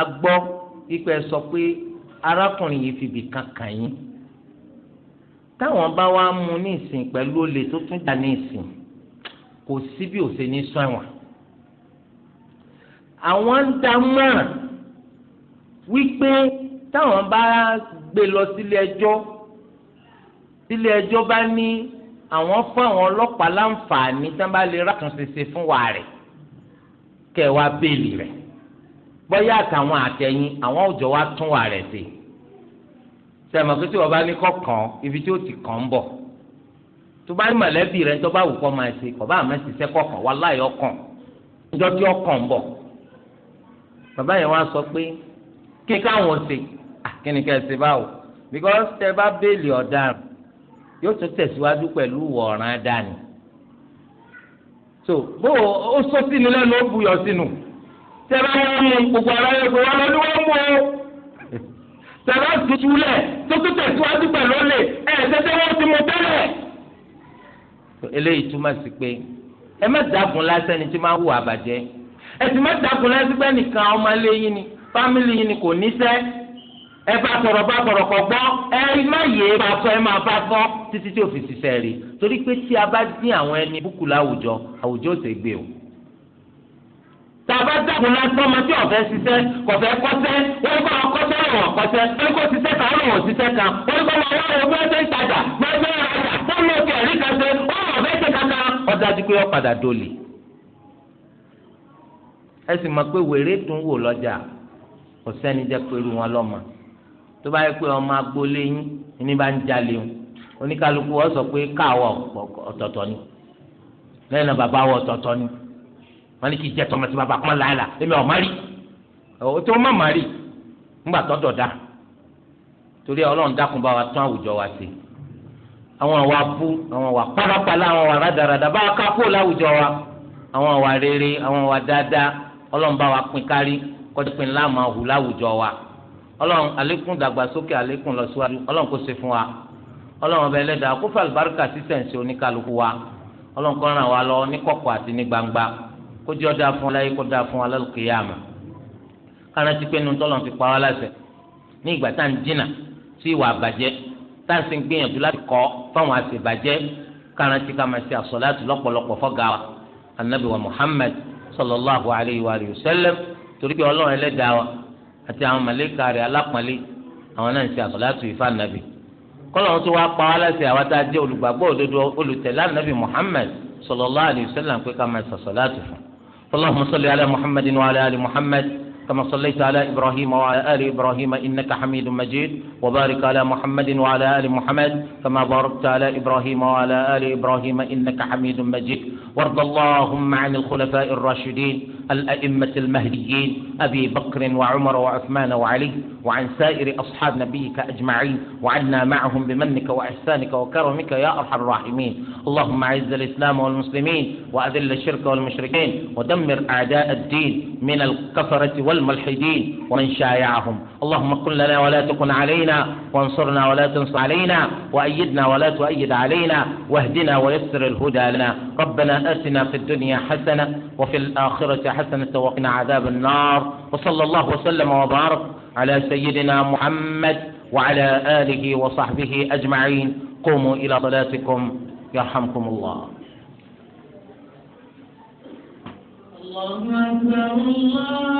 a gbọ́ wípé sọ pé arákùnrin yìí fi ibì kan kàn yín táwọn bá wá mú ní ìsìn pẹ̀lú olè tó tún dà ní ìsìn kò sí bí òsè ní sọ ẹ̀wọ̀n àwọn ń ta mọ́ràn wípé táwọn bá gbé lọ sílé ẹjọ́ sílé ẹjọ́ bá ní àwọn fún àwọn ọlọ́pàá láǹfààní tí wọ́n bá lè ràtúnṣe ṣe fún wa rẹ̀ kẹwàá béèlì rẹ̀ bọ́yá àtàwọn àtẹ̀yìn àwọn òjò wa tún wà rẹ̀ sí sẹ́mi pé tí wọ́n bá ní kọ̀ọ̀kan ibi tí ó ti kàn ń bọ̀ tó bá ní mọ̀lẹ́bí rẹ̀ tó bá wù kọ́ máa ṣe kọ̀ àmọ́ ṣiṣẹ́ kọ̀ọ̀kan wà láyọ̀ kàn níjọ́ tí ó kàn ń bọ̀ bàbá yẹn wá sọ pé kí káwọn ṣe kíni ká ṣe báwo because tẹ bá béèlì ọ̀daràn yóò tún tẹ̀síwájú pẹ̀lú ọ̀ràn dání so bó o sọ sínú lẹ́nu ó buyọ̀ sínú tẹ bá wọn mú gbogbo ara yẹn kó wọn lọ́dún wọn mú o [LAUGHS] tẹ bá tutù lẹ̀ tó tún tẹ̀síwájú pẹ̀lú ọ̀lẹ̀ ẹ̀ tẹ́tẹ́ wọn ti mú tẹ́lẹ̀ eléyìí túmọ̀ sí pé ẹ má dàgùn lásán ni tí máa ń hùwà bàjẹ́ ẹ̀sìn mẹ́tàkùn lẹ́sìgbẹ́ nìkan ọmọ ilé yín ni fámìlì yín ni kò níṣẹ́ ẹ bá sọ̀rọ̀ bá sọ̀rọ̀ kọ̀ gbọ́ ẹ má yé e bá sọ ẹ má bá sọ títí tí òfin ti sẹ́ẹ̀ rí torí pé tí a bá dín àwọn ẹni búkú láwùjọ àwùjọ ò ṣe gbé o. tàbá dàkún lásán máa tí ọ̀fẹ́ ṣiṣẹ́ kọ̀fẹ́ kọ́ṣẹ́ wọ́n kọ́ ọkọ́ṣẹ́ ọ̀rọ̀ kọ́ṣẹ́ wọ́n kọ́ ṣiṣẹ́ kan ọ̀rọ̀ ṣiṣẹ́ kan wọ́n kọ́ wọn wá owó ẹgbẹ́ ìtajà ẹ sì mọ̀ pé wèrè tún wò lọ́jà kò sẹ́ni jẹ́ pé irú wọn lọ́mọ tó bá yẹ pé ọmọ agboolé yín ní bá ń jalè o oníkálukú ọ sọ pé káwọ ọ̀tọ̀ọ̀tọ̀ ni lẹ́yìn náà bàbá wọ ọ̀tọ̀ọ̀tọ̀ ni wọ́n ní kí jẹ́ tọmọ tí bàbá kan láyà là èmi ọ̀ má rí ọ̀ tó má má rí ńgbà tọ́dọ̀ dá torí ọlọ́run dákun bá wa tún àwùjọ wa sí àwọn àwa bú àwọn àwa pálapàla àwọn àwa rádaràdà bá wa ká kó láwùjọ wa àwọn àwa rere àwọn àwa dáadáa ọlọ́run bá wa pín kárí kọjá pín láàmú ahù láwùjọ wa ọlọ́run àlékún dàgbàsókè àlékún lọ síwájú ọlọ́run kó ṣe fún wa ọlọ́run ọba ẹlẹ́dàá kó fàlùbáríkà sísẹ̀nsì oníkálukú wa ọlọ́run kó ràn wá lọ ní kọ̀kọ̀ àti ní gbangba kó jẹ́ ọ̀dà fún aláyé kó dáa fún alálùkìyàmà kárántí pé nu tọ́lọ̀ fi pa wá láṣẹ ní ìgbà tá à ń jìnà sí ìwà àbàjẹ́ tá à ń sì gbìyànjú láti kọ́ fáwọn àṣìbàjẹ́ kárántí ká máa ṣe àsọ̀láàtì lọ́pọ̀lọpọ̀ fọ́gà wa anabi wa sallallahu alayhi wa sallam torí pé ọlọ́run ẹlẹ́dàá wa àti àwọn màlẹ́kà rẹ̀ alápọ̀nlé àwọn náà ń ṣe àsàlátù ìfà nàbì kọ́lọ́run tó wá pa wá láti àwa tá a jẹ́ olùgbàgbọ́ òdodo olùtẹ̀lá nàbì Muhammad sallallahu alayhi wa sallam pé ká máa ṣàsàlátù fún Allahumma salli ala Muhammadin wa ala ali Muhammad كما صليت على إبراهيم وعلى آل إبراهيم إنك حميد مجيد وبارك على محمد وعلى آل محمد كما باركت على إبراهيم وعلى آل إبراهيم إنك حميد مجيد وارض اللهم عن الخلفاء الراشدين الأئمة المهديين أبي بكر وعمر وعثمان وعلي وعن سائر أصحاب نبيك أجمعين وعنا معهم بمنك وإحسانك وكرمك يا أرحم الراحمين اللهم أعز الإسلام والمسلمين وأذل الشرك والمشركين ودمر أعداء الدين من الكفرة والملحدين ومن شايعهم اللهم قل لنا ولا تكن علينا وانصرنا ولا تنصر علينا وأيدنا ولا تؤيد علينا واهدنا ويسر الهدى لنا ربنا آتنا في الدنيا حسنة وفي الآخرة حسنة الحسنة وقنا عذاب النار وصلى الله وسلم وبارك على سيدنا محمد وعلى آله وصحبه أجمعين قوموا إلى صلاتكم يرحمكم الله الله أكبر الله